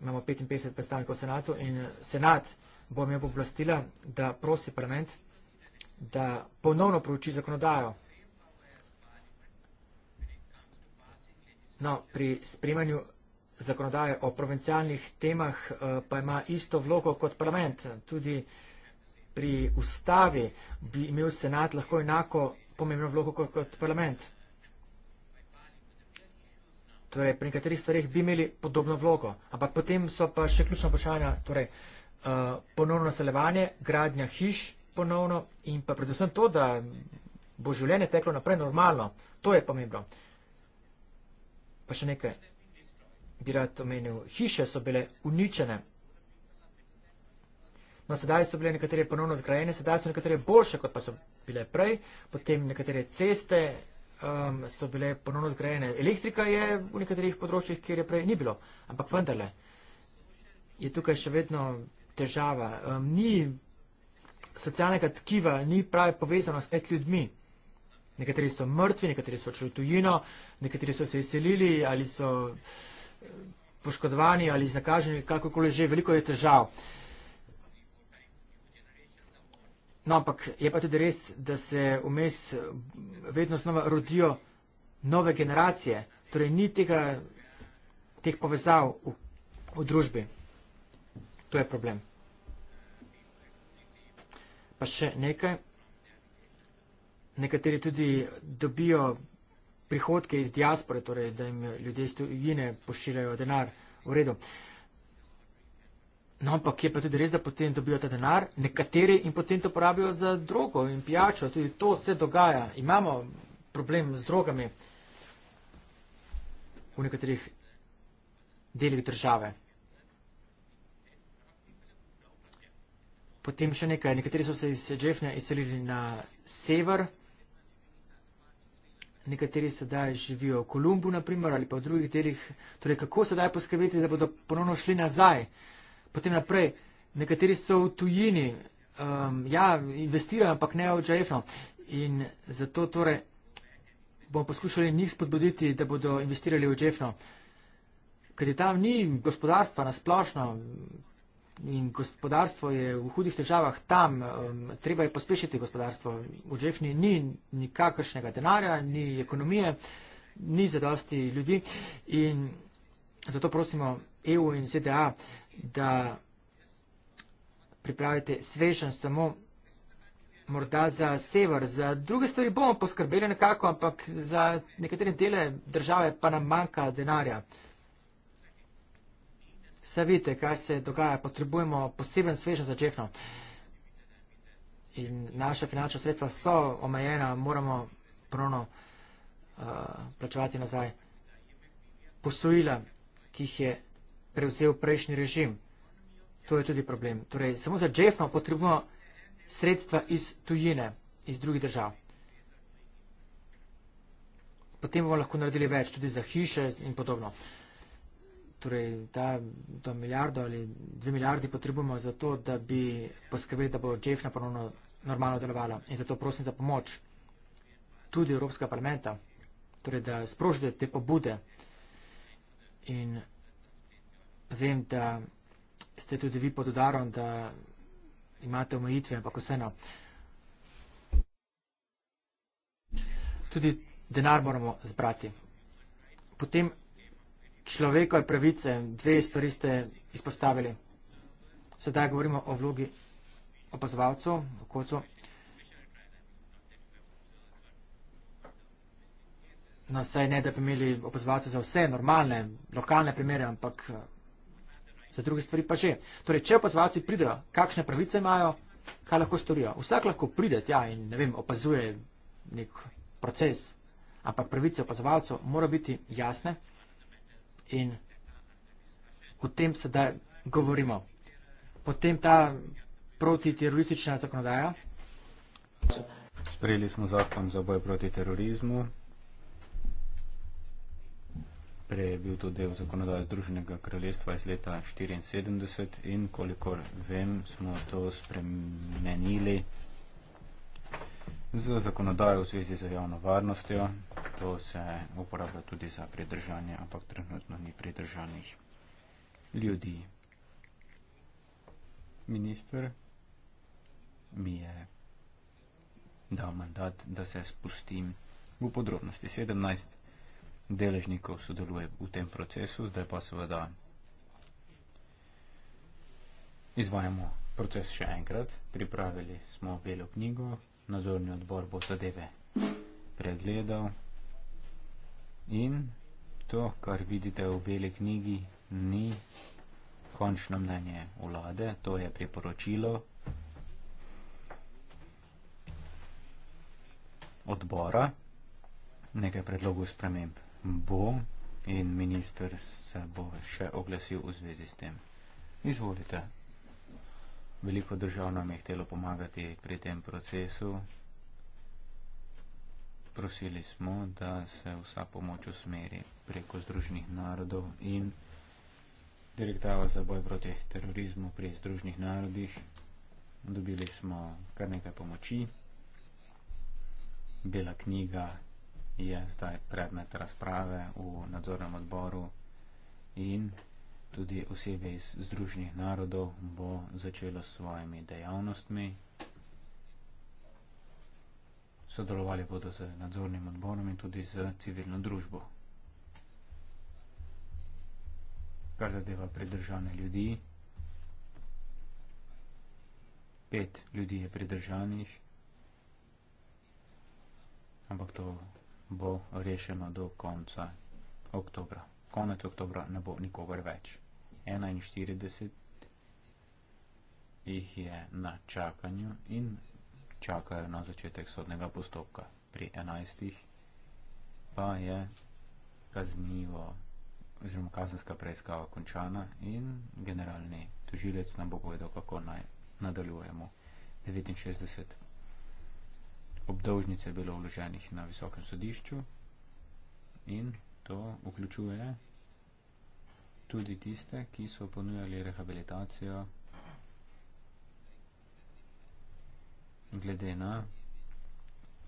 Imamo 55 predstavnikov senatu in senat bo imel poblastila, da prosi parlament, da ponovno prouči zakonodajo. No, pri spremanju zakonodaje o provincialnih temah eh, pa ima isto vlogo kot parlament. Tudi pri ustavi bi imel senat lahko enako pomembno vlogo kot parlament. Torej, pri nekaterih stvarih bi imeli podobno vlogo, ampak potem so pa še ključna vprašanja, torej, uh, ponovno naseljevanje, gradnja hiš ponovno in pa predvsem to, da bo življenje teklo naprej normalno. To je pomembno. Pa še nekaj bi rad omenil. Hiše so bile uničene. No, sedaj so bile nekatere ponovno zgrajene, sedaj so nekatere boljše, kot pa so bile prej. Potem nekatere ceste, um, so bile ponovno zgrajene. Elektrika je v nekaterih področjih, kjer je prej ni bilo, ampak vendarle je tukaj še vedno težava. Um, ni socialnega tkiva, ni prave povezanost med ljudmi. Nekateri so mrtvi, nekateri so odšli v tujino, nekateri so se izselili ali so eh, poškodovani ali znakaženi, kakorkoli že, veliko je težav. Uh, No, ampak je pa tudi res, da se vmes vedno znova rodijo nove generacije, torej ni tega, teh povezav v, v družbi. To je problem. Pa še nekaj. Nekateri tudi dobijo prihodke iz diaspore, torej da jim ljudje iz tujine pošiljajo denar v redu. Uh, No, ampak je pa tudi res, da potem dobijo ta denar, nekateri in potem to porabijo za drogo in pijačo. Tudi to se dogaja. Imamo problem z drogami v nekaterih delih države. Potem še nekaj. Nekateri so se iz Džefnja izselili na sever, nekateri sedaj živijo v Kolumbu, naprimer, ali pa v drugih delih. Torej, kako sedaj poskrbeti, da bodo ponovno šli nazaj? Potem naprej, nekateri so v tujini, um, ja, investirajo, ampak ne očajno. In zato torej bomo poskušali njih spodbuditi, da bodo investirali v Džefno. Ker je tam ni gospodarstva nasplošno in gospodarstvo je v hudih težavah tam, um, treba je pospešiti gospodarstvo. V Džefni ni nikakršnega denarja, ni ekonomije, ni zadosti ljudi in zato prosimo EU in ZDA, da pripravite svežen samo morda za sever. Za druge stvari bomo poskrbeli nekako, ampak za nekatere dele države pa nam manjka denarja. Saj vidite, kaj se dogaja. Potrebujemo poseben svežen za Džefno. In naša finančna sredstva so omejena, moramo prono uh, plačevati nazaj posojila, ki jih je prevzel prejšnji režim. To je tudi problem. Torej, samo za Jeffa potrebujemo sredstva iz tujine, iz drugih držav. Potem bomo lahko naredili več, tudi za hiše in podobno. Torej, ta, to milijardo ali dve milijardi potrebujemo za to, da bi poskrbeli, da bo Jeffa ponovno normalno delovala. In zato prosim za pomoč tudi Evropska parlamenta, torej, da sprožite te pobude. In vem, da ste tudi vi pod udarom, da imate omejitve, ampak vseeno. Tudi denar moramo zbrati. Potem človekove pravice, dve stvari ste izpostavili. Sedaj govorimo o vlogi opazovalcev, o kocu. No, saj ne, da bi imeli opazovalce za vse normalne, lokalne primere, ampak za druge stvari pa že. Torej, če opazovalci pridejo, kakšne pravice imajo, kaj lahko storijo. Vsak lahko pride tja in ne vem, opazuje nek proces, ampak pravice opazovalcev mora biti jasne in o tem sedaj govorimo. Potem ta protiteroristična zakonodaja. Sprejeli smo zakon za boj proti terorizmu prej je bil to del zakonodaje Združenega kraljestva iz leta 1974 in kolikor vem, smo to spremenili z zakonodajo v zvezi z javno varnostjo. To se uporablja tudi za pridržanje, ampak trenutno ni pridržanih ljudi. Ministr mi je dal mandat, da se spustim v podrobnosti 17 deležnikov sodeluje v tem procesu, zdaj pa seveda izvajamo proces še enkrat. Pripravili smo belo knjigo, nadzorni odbor bo zadeve pregledal in to, kar vidite v beli knjigi, ni končno mnenje vlade, to je priporočilo odbora nekaj predlogov sprememb bo in minister se bo še oglasil v zvezi s tem. Izvolite. Veliko držav nam je htelo pomagati pri tem procesu. Prosili smo, da se vsa pomoč usmeri preko Združenih narodov in direktava za boj proti terorizmu pri Združenih narodih. Dobili smo kar nekaj pomoči. Bela knjiga je zdaj predmet razprave v nadzornem odboru in tudi osebe iz Združenih narodov bo začelo s svojimi dejavnostmi. Sodelovali bodo z nadzornim odborom in tudi z civilno družbo. Kar zadeva pridržane ljudi, pet ljudi je pridržanih, ampak to bo rešeno do konca oktobra. Konec oktobra ne bo nikogar več. 41 jih je na čakanju in čakajo na začetek sodnega postopka. Pri 11 pa je kaznivo oziroma kazenska preiskava končana in generalni tožilec nam bo povedal, kako naj nadaljujemo. 69 obdolžnice bilo vloženih na visokem sodišču in to vključuje tudi tiste, ki so ponujali rehabilitacijo glede na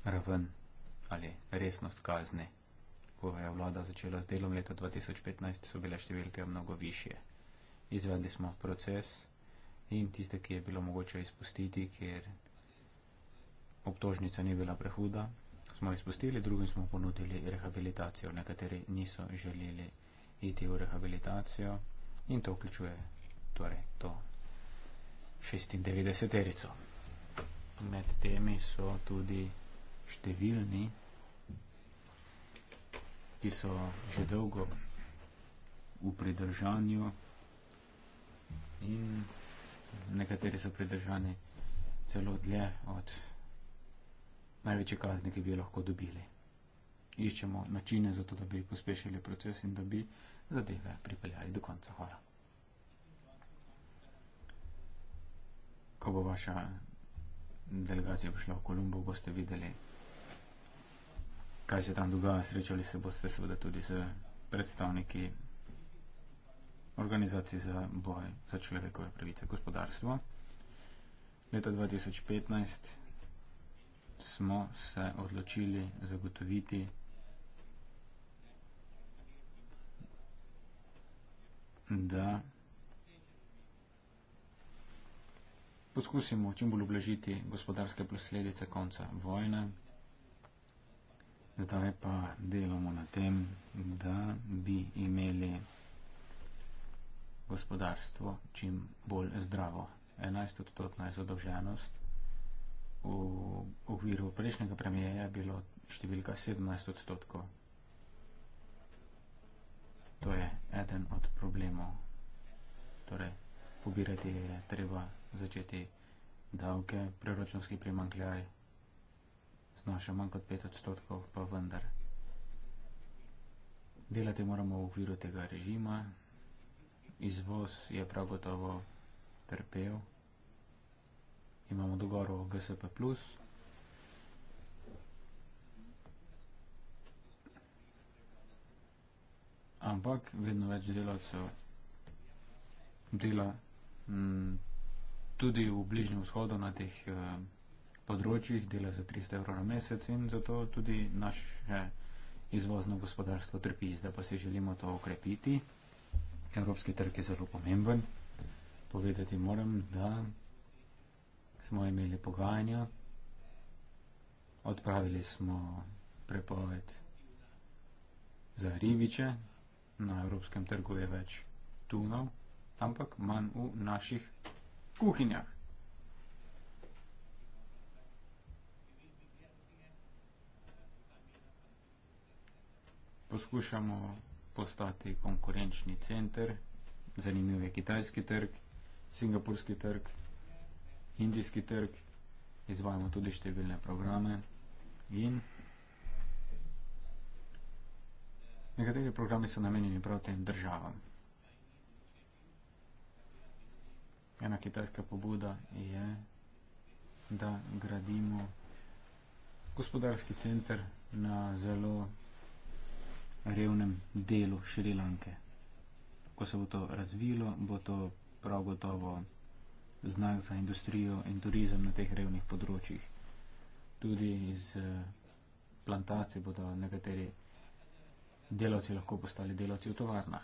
raven ali resnost kazni. Ko je vlada začela z delom leta 2015, so bile številke mnogo višje. Izvedli smo proces in tiste, ki je bilo mogoče izpustiti, ker obtožnica ni bila prehuda, smo izpustili, drugim smo ponudili rehabilitacijo. Nekateri niso želeli iti v rehabilitacijo in to vključuje torej, to 96-terico. Med temi so tudi številni, ki so že dolgo v pridržanju in nekateri so pridržani celo dlje od največje kazni, ki bi jo lahko dobili. Iščemo načine za to, da bi pospešili proces in da bi zadeve pripeljali do konca. Hvala. Ko bo vaša delegacija prišla v Kolumbo, boste videli, kaj se tam dogaja. Srečali se boste seveda tudi z predstavniki organizacij za boj za človekove pravice gospodarstvo. Leta 2015 smo se odločili zagotoviti da poskusimo čim bolj oblažiti gospodarske posledice konca vojne. Zdaj pa delamo na tem, da bi imeli gospodarstvo čim bolj zdravo. 11-odstotna je zadolženost v okviru prejšnjega premijeja bilo številka 17 odstotkov. To je eden od problemov. Torej, pobirati je treba začeti davke, preročnostki primankljaj znaša manj kot 5 odstotkov, pa vendar. Delati moramo v okviru tega režima. Izvoz je prav gotovo trpel imamo dogovor o GSP+. Ampak vedno več delavcev dela mm, tudi v bližnjem vzhodu na teh eh, področjih, dela za 300 evrov na mesec in zato tudi naše izvozno gospodarstvo trpi. Zdaj pa se želimo to okrepiti. Evropski trg je zelo pomemben. Povedati moram, da smo imeli pogajanja, odpravili smo prepoved za ribiče, na evropskem trgu je več tunov, ampak manj v naših kuhinjah. Poskušamo postati konkurenčni center, zanimiv je kitajski trg, singapurski trg indijski trg, izvajamo tudi številne programe in nekateri programi so namenjeni prav tem državam. Ena kitajska pobuda je, da gradimo gospodarski center na zelo revnem delu Šrilanke. Ko se bo to razvilo, bo to prav gotovo razvilo znak za industrijo in turizem na teh revnih področjih. Tudi iz eh, plantacij bodo nekateri delavci lahko postali delavci v tovarnah.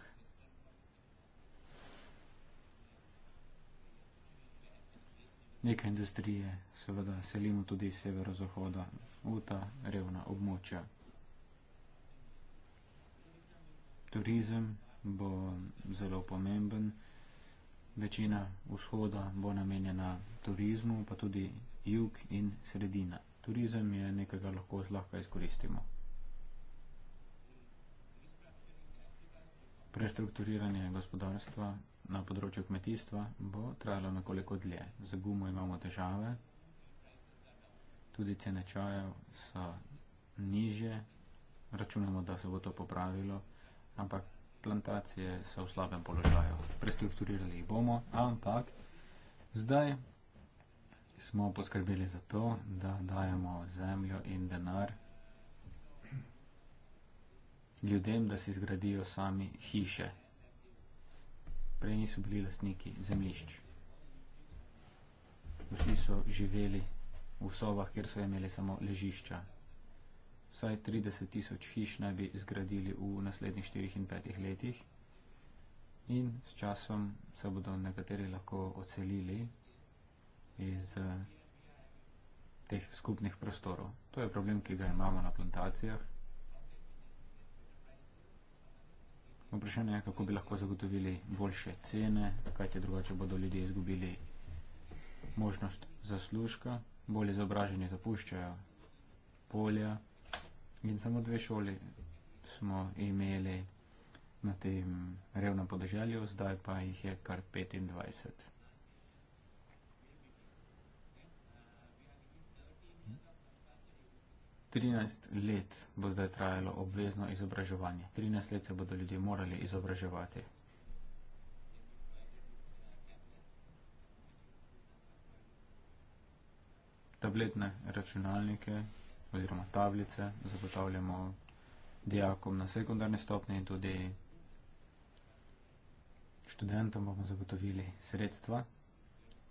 Neka industrije seveda selimo tudi iz severozohoda v ta revna območja. Turizem bo zelo pomemben večina vzhoda bo namenjena turizmu, pa tudi jug in sredina. Turizem je nekaj, kar lahko zlahka izkoristimo. Prestrukturiranje gospodarstva na področju kmetijstva bo trajalo nekoliko dlje. Za gumo imamo težave, tudi cene čajev so niže, računamo, da se bo to popravilo, ampak plantacije so v slabem položaju. Prestrukturirali jih bomo, ampak zdaj smo poskrbeli za to, da dajemo zemljo in denar ljudem, da si zgradijo sami hiše. Prej niso bili lastniki zemljišč. Vsi so živeli v sobah, kjer so imeli samo ležišča, Vsaj 30 tisoč hiš naj bi zgradili v naslednjih 4 in 5 letih in s časom se bodo nekateri lahko ocelili iz eh, teh skupnih prostorov. To je problem, ki ga imamo na plantacijah. Vprašanje je, kako bi lahko zagotovili boljše cene, kajte drugače bodo ljudje izgubili možnost zaslužka, bolje zobraženje zapuščajo polja, In samo dve šoli smo imeli na tem revnem podeželju, zdaj pa jih je kar 25. Trinajst let bo zdaj trajalo obvezno izobraževanje. Trinajst let se bodo ljudje morali izobraževati. Tabletne računalnike oziroma tablice zagotavljamo dijakom na sekundarni stopni in tudi študentom bomo zagotovili sredstva,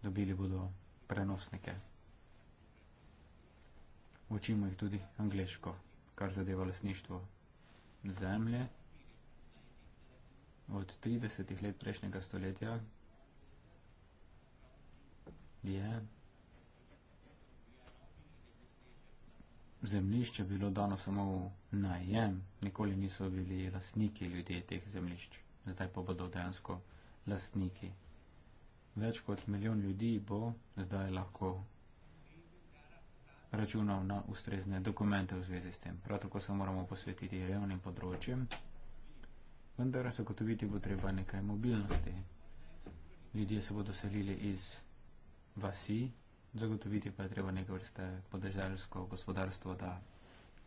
dobili bodo prenosnike. Učimo jih tudi angliško, kar zadeva lasništvo zemlje. Od 30 let prejšnjega stoletja je zemljišče bilo dano samo v najem, nikoli niso bili lastniki ljudje teh zemljišč. Zdaj pa bodo dejansko lastniki. Več kot milijon ljudi bo zdaj lahko računal na ustrezne dokumente v zvezi s tem. Prav tako se moramo posvetiti revnim področjem, vendar zagotoviti bo treba nekaj mobilnosti. Ljudje se bodo selili iz vasi, zagotoviti pa je treba neke vrste podeželsko gospodarstvo, da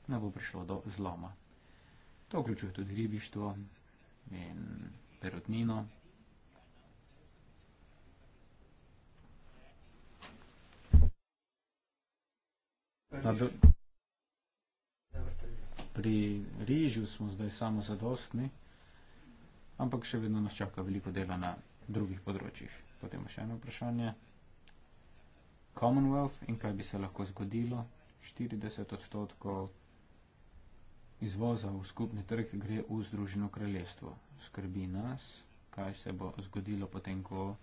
ne bo prišlo do zloma. To vključuje tudi ribištvo in perutnino. Pri rižu smo zdaj samo zadostni, ampak še vedno nas čaka veliko dela na drugih področjih. Potem še eno vprašanje. Commonwealth in kaj bi se lahko zgodilo. 40 odstotkov izvoza v skupni trg gre v Združeno kraljestvo. Skrbi nas, kaj se bo zgodilo potem, ko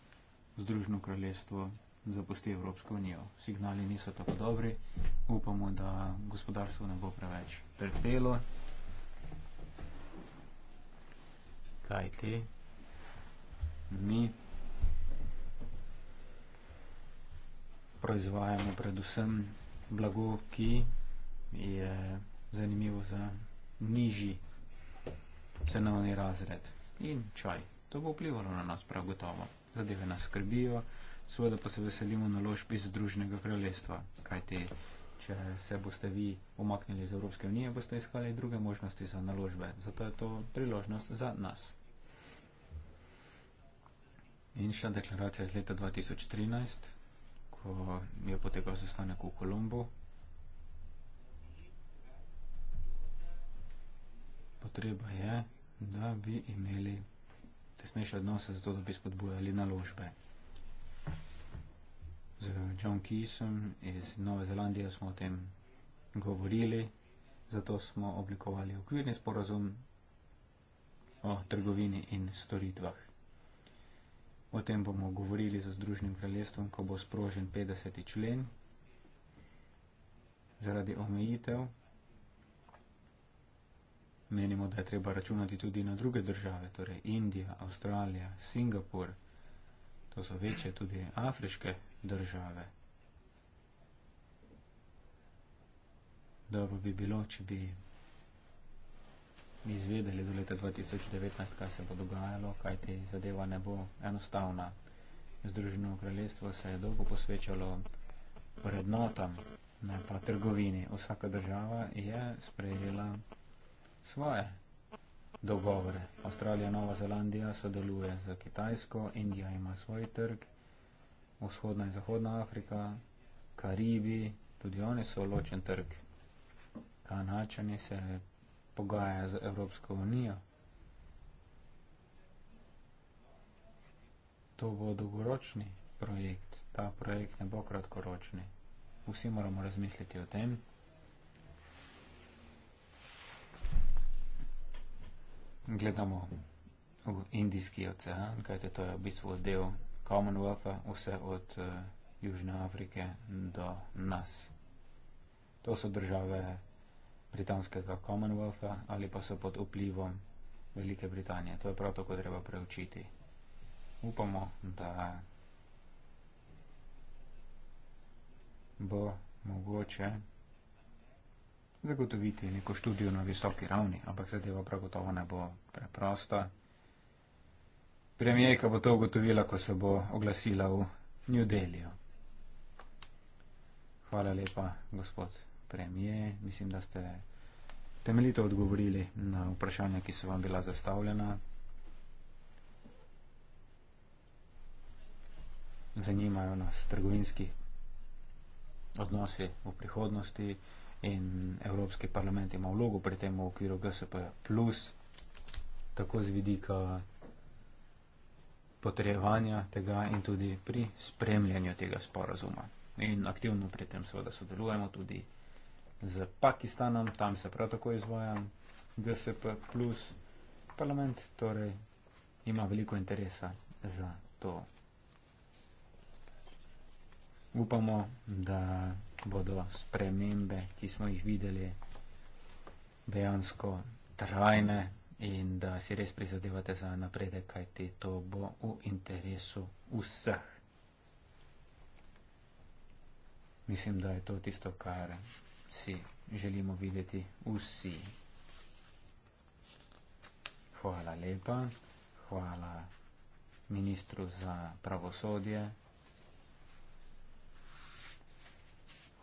Združeno kraljestvo zapusti Evropsko unijo. Signali niso tako dobri, upamo, da gospodarstvo ne bo preveč trpelo. Kaj ti? Mi proizvajamo predvsem blago, ki je zanimivo za nižji cenovni razred in čaj. To bo vplivalo na nas prav gotovo. Zadeve nas skrbijo, seveda pa se veselimo naložb iz Združenega kraljestva, kajti če se boste vi omaknili iz Evropske unije, boste iskali druge možnosti za naložbe. Zato je to priložnost za nas. In še deklaracija iz leta 2013 ko je potekal sestanek v Kolombo. Potreba je, da bi imeli tesnejše odnose zato, da bi spodbujali naložbe. Z John Keysom iz Nove Zelandije smo o tem govorili, zato smo oblikovali okvirni sporazum o trgovini in storitvah. O tem bomo govorili za Združenim kraljestvom, ko bo sprožen 50. člen zaradi omejitev. Menimo, da je treba računati tudi na druge države, torej Indija, Avstralija, Singapur, to so večje tudi afriške države. Dobro bi bilo, če bi izvedeli do leta 2019, kaj se bo dogajalo, kaj te zadeva ne bo enostavna. Združeno kraljestvo se je dolgo posvečalo vrednotam, ne pa trgovini. Vsaka država je sprejela svoje dogovore. Avstralija, Nova Zelandija sodeluje z Kitajsko, Indija ima svoj trg, vzhodna in zahodna Afrika, Karibi, tudi oni so ločen trg. Kanačani se pogaja z Evropsko unijo. To bo dolgoročni projekt, ta projekt ne bo kratkoročni. Vsi moramo razmisliti o tem. Gledamo v Indijski ocean, kajte to je v bistvu del Commonwealtha, vse od uh, Južne Afrike do nas. To so države britanskega Commonwealtha ali pa so pod vplivom Velike Britanije. To je prav tako treba preučiti. Upamo, da bo mogoče zagotoviti neko študijo na visoki ravni, ampak zadeva prav gotovo ne bo preprosta. Premijejka bo to ugotovila, ko se bo oglasila v New Delhi. Hvala lepa, gospod premije. Mislim, da ste temeljito odgovorili na vprašanja, ki so vam bila zastavljena. Zanimajo nas trgovinski odnosi v prihodnosti in Evropski parlament ima vlogo pri tem v okviru GSP plus, tako z vidika potrejevanja tega in tudi pri spremljanju tega sporazuma. In aktivno pri tem seveda sodelujemo tudi z Pakistanom, tam se prav tako izvaja DSP plus parlament, torej ima veliko interesa za to. Upamo, da bodo spremembe, ki smo jih videli, dejansko trajne in da si res prizadevate za napredek, kajti to bo v interesu vseh. Mislim, da je to tisto, kar si želimo videti vsi. Hvala lepa, hvala ministru za pravosodje.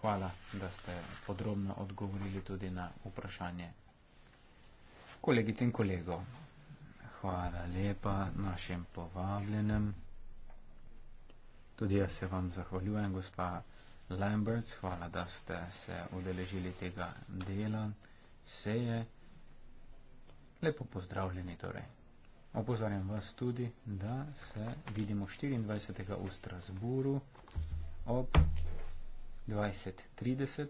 Hvala, da ste podrobno odgovorili tudi na vprašanje kolegic in kolegov. Hvala lepa našim povabljenem. Tudi jaz se vam zahvaljujem, gospa. Lamberts, hvala, da ste se udeležili tega dela seje. Lepo pozdravljeni torej. Opozorjam vas tudi, da se vidimo 24. v Strasburu ob 20.30.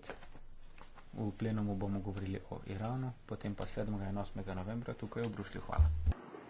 V plenumu bomo govorili o Iranu, potem pa 7. in 8. novembra tukaj v Bruslju. Hvala.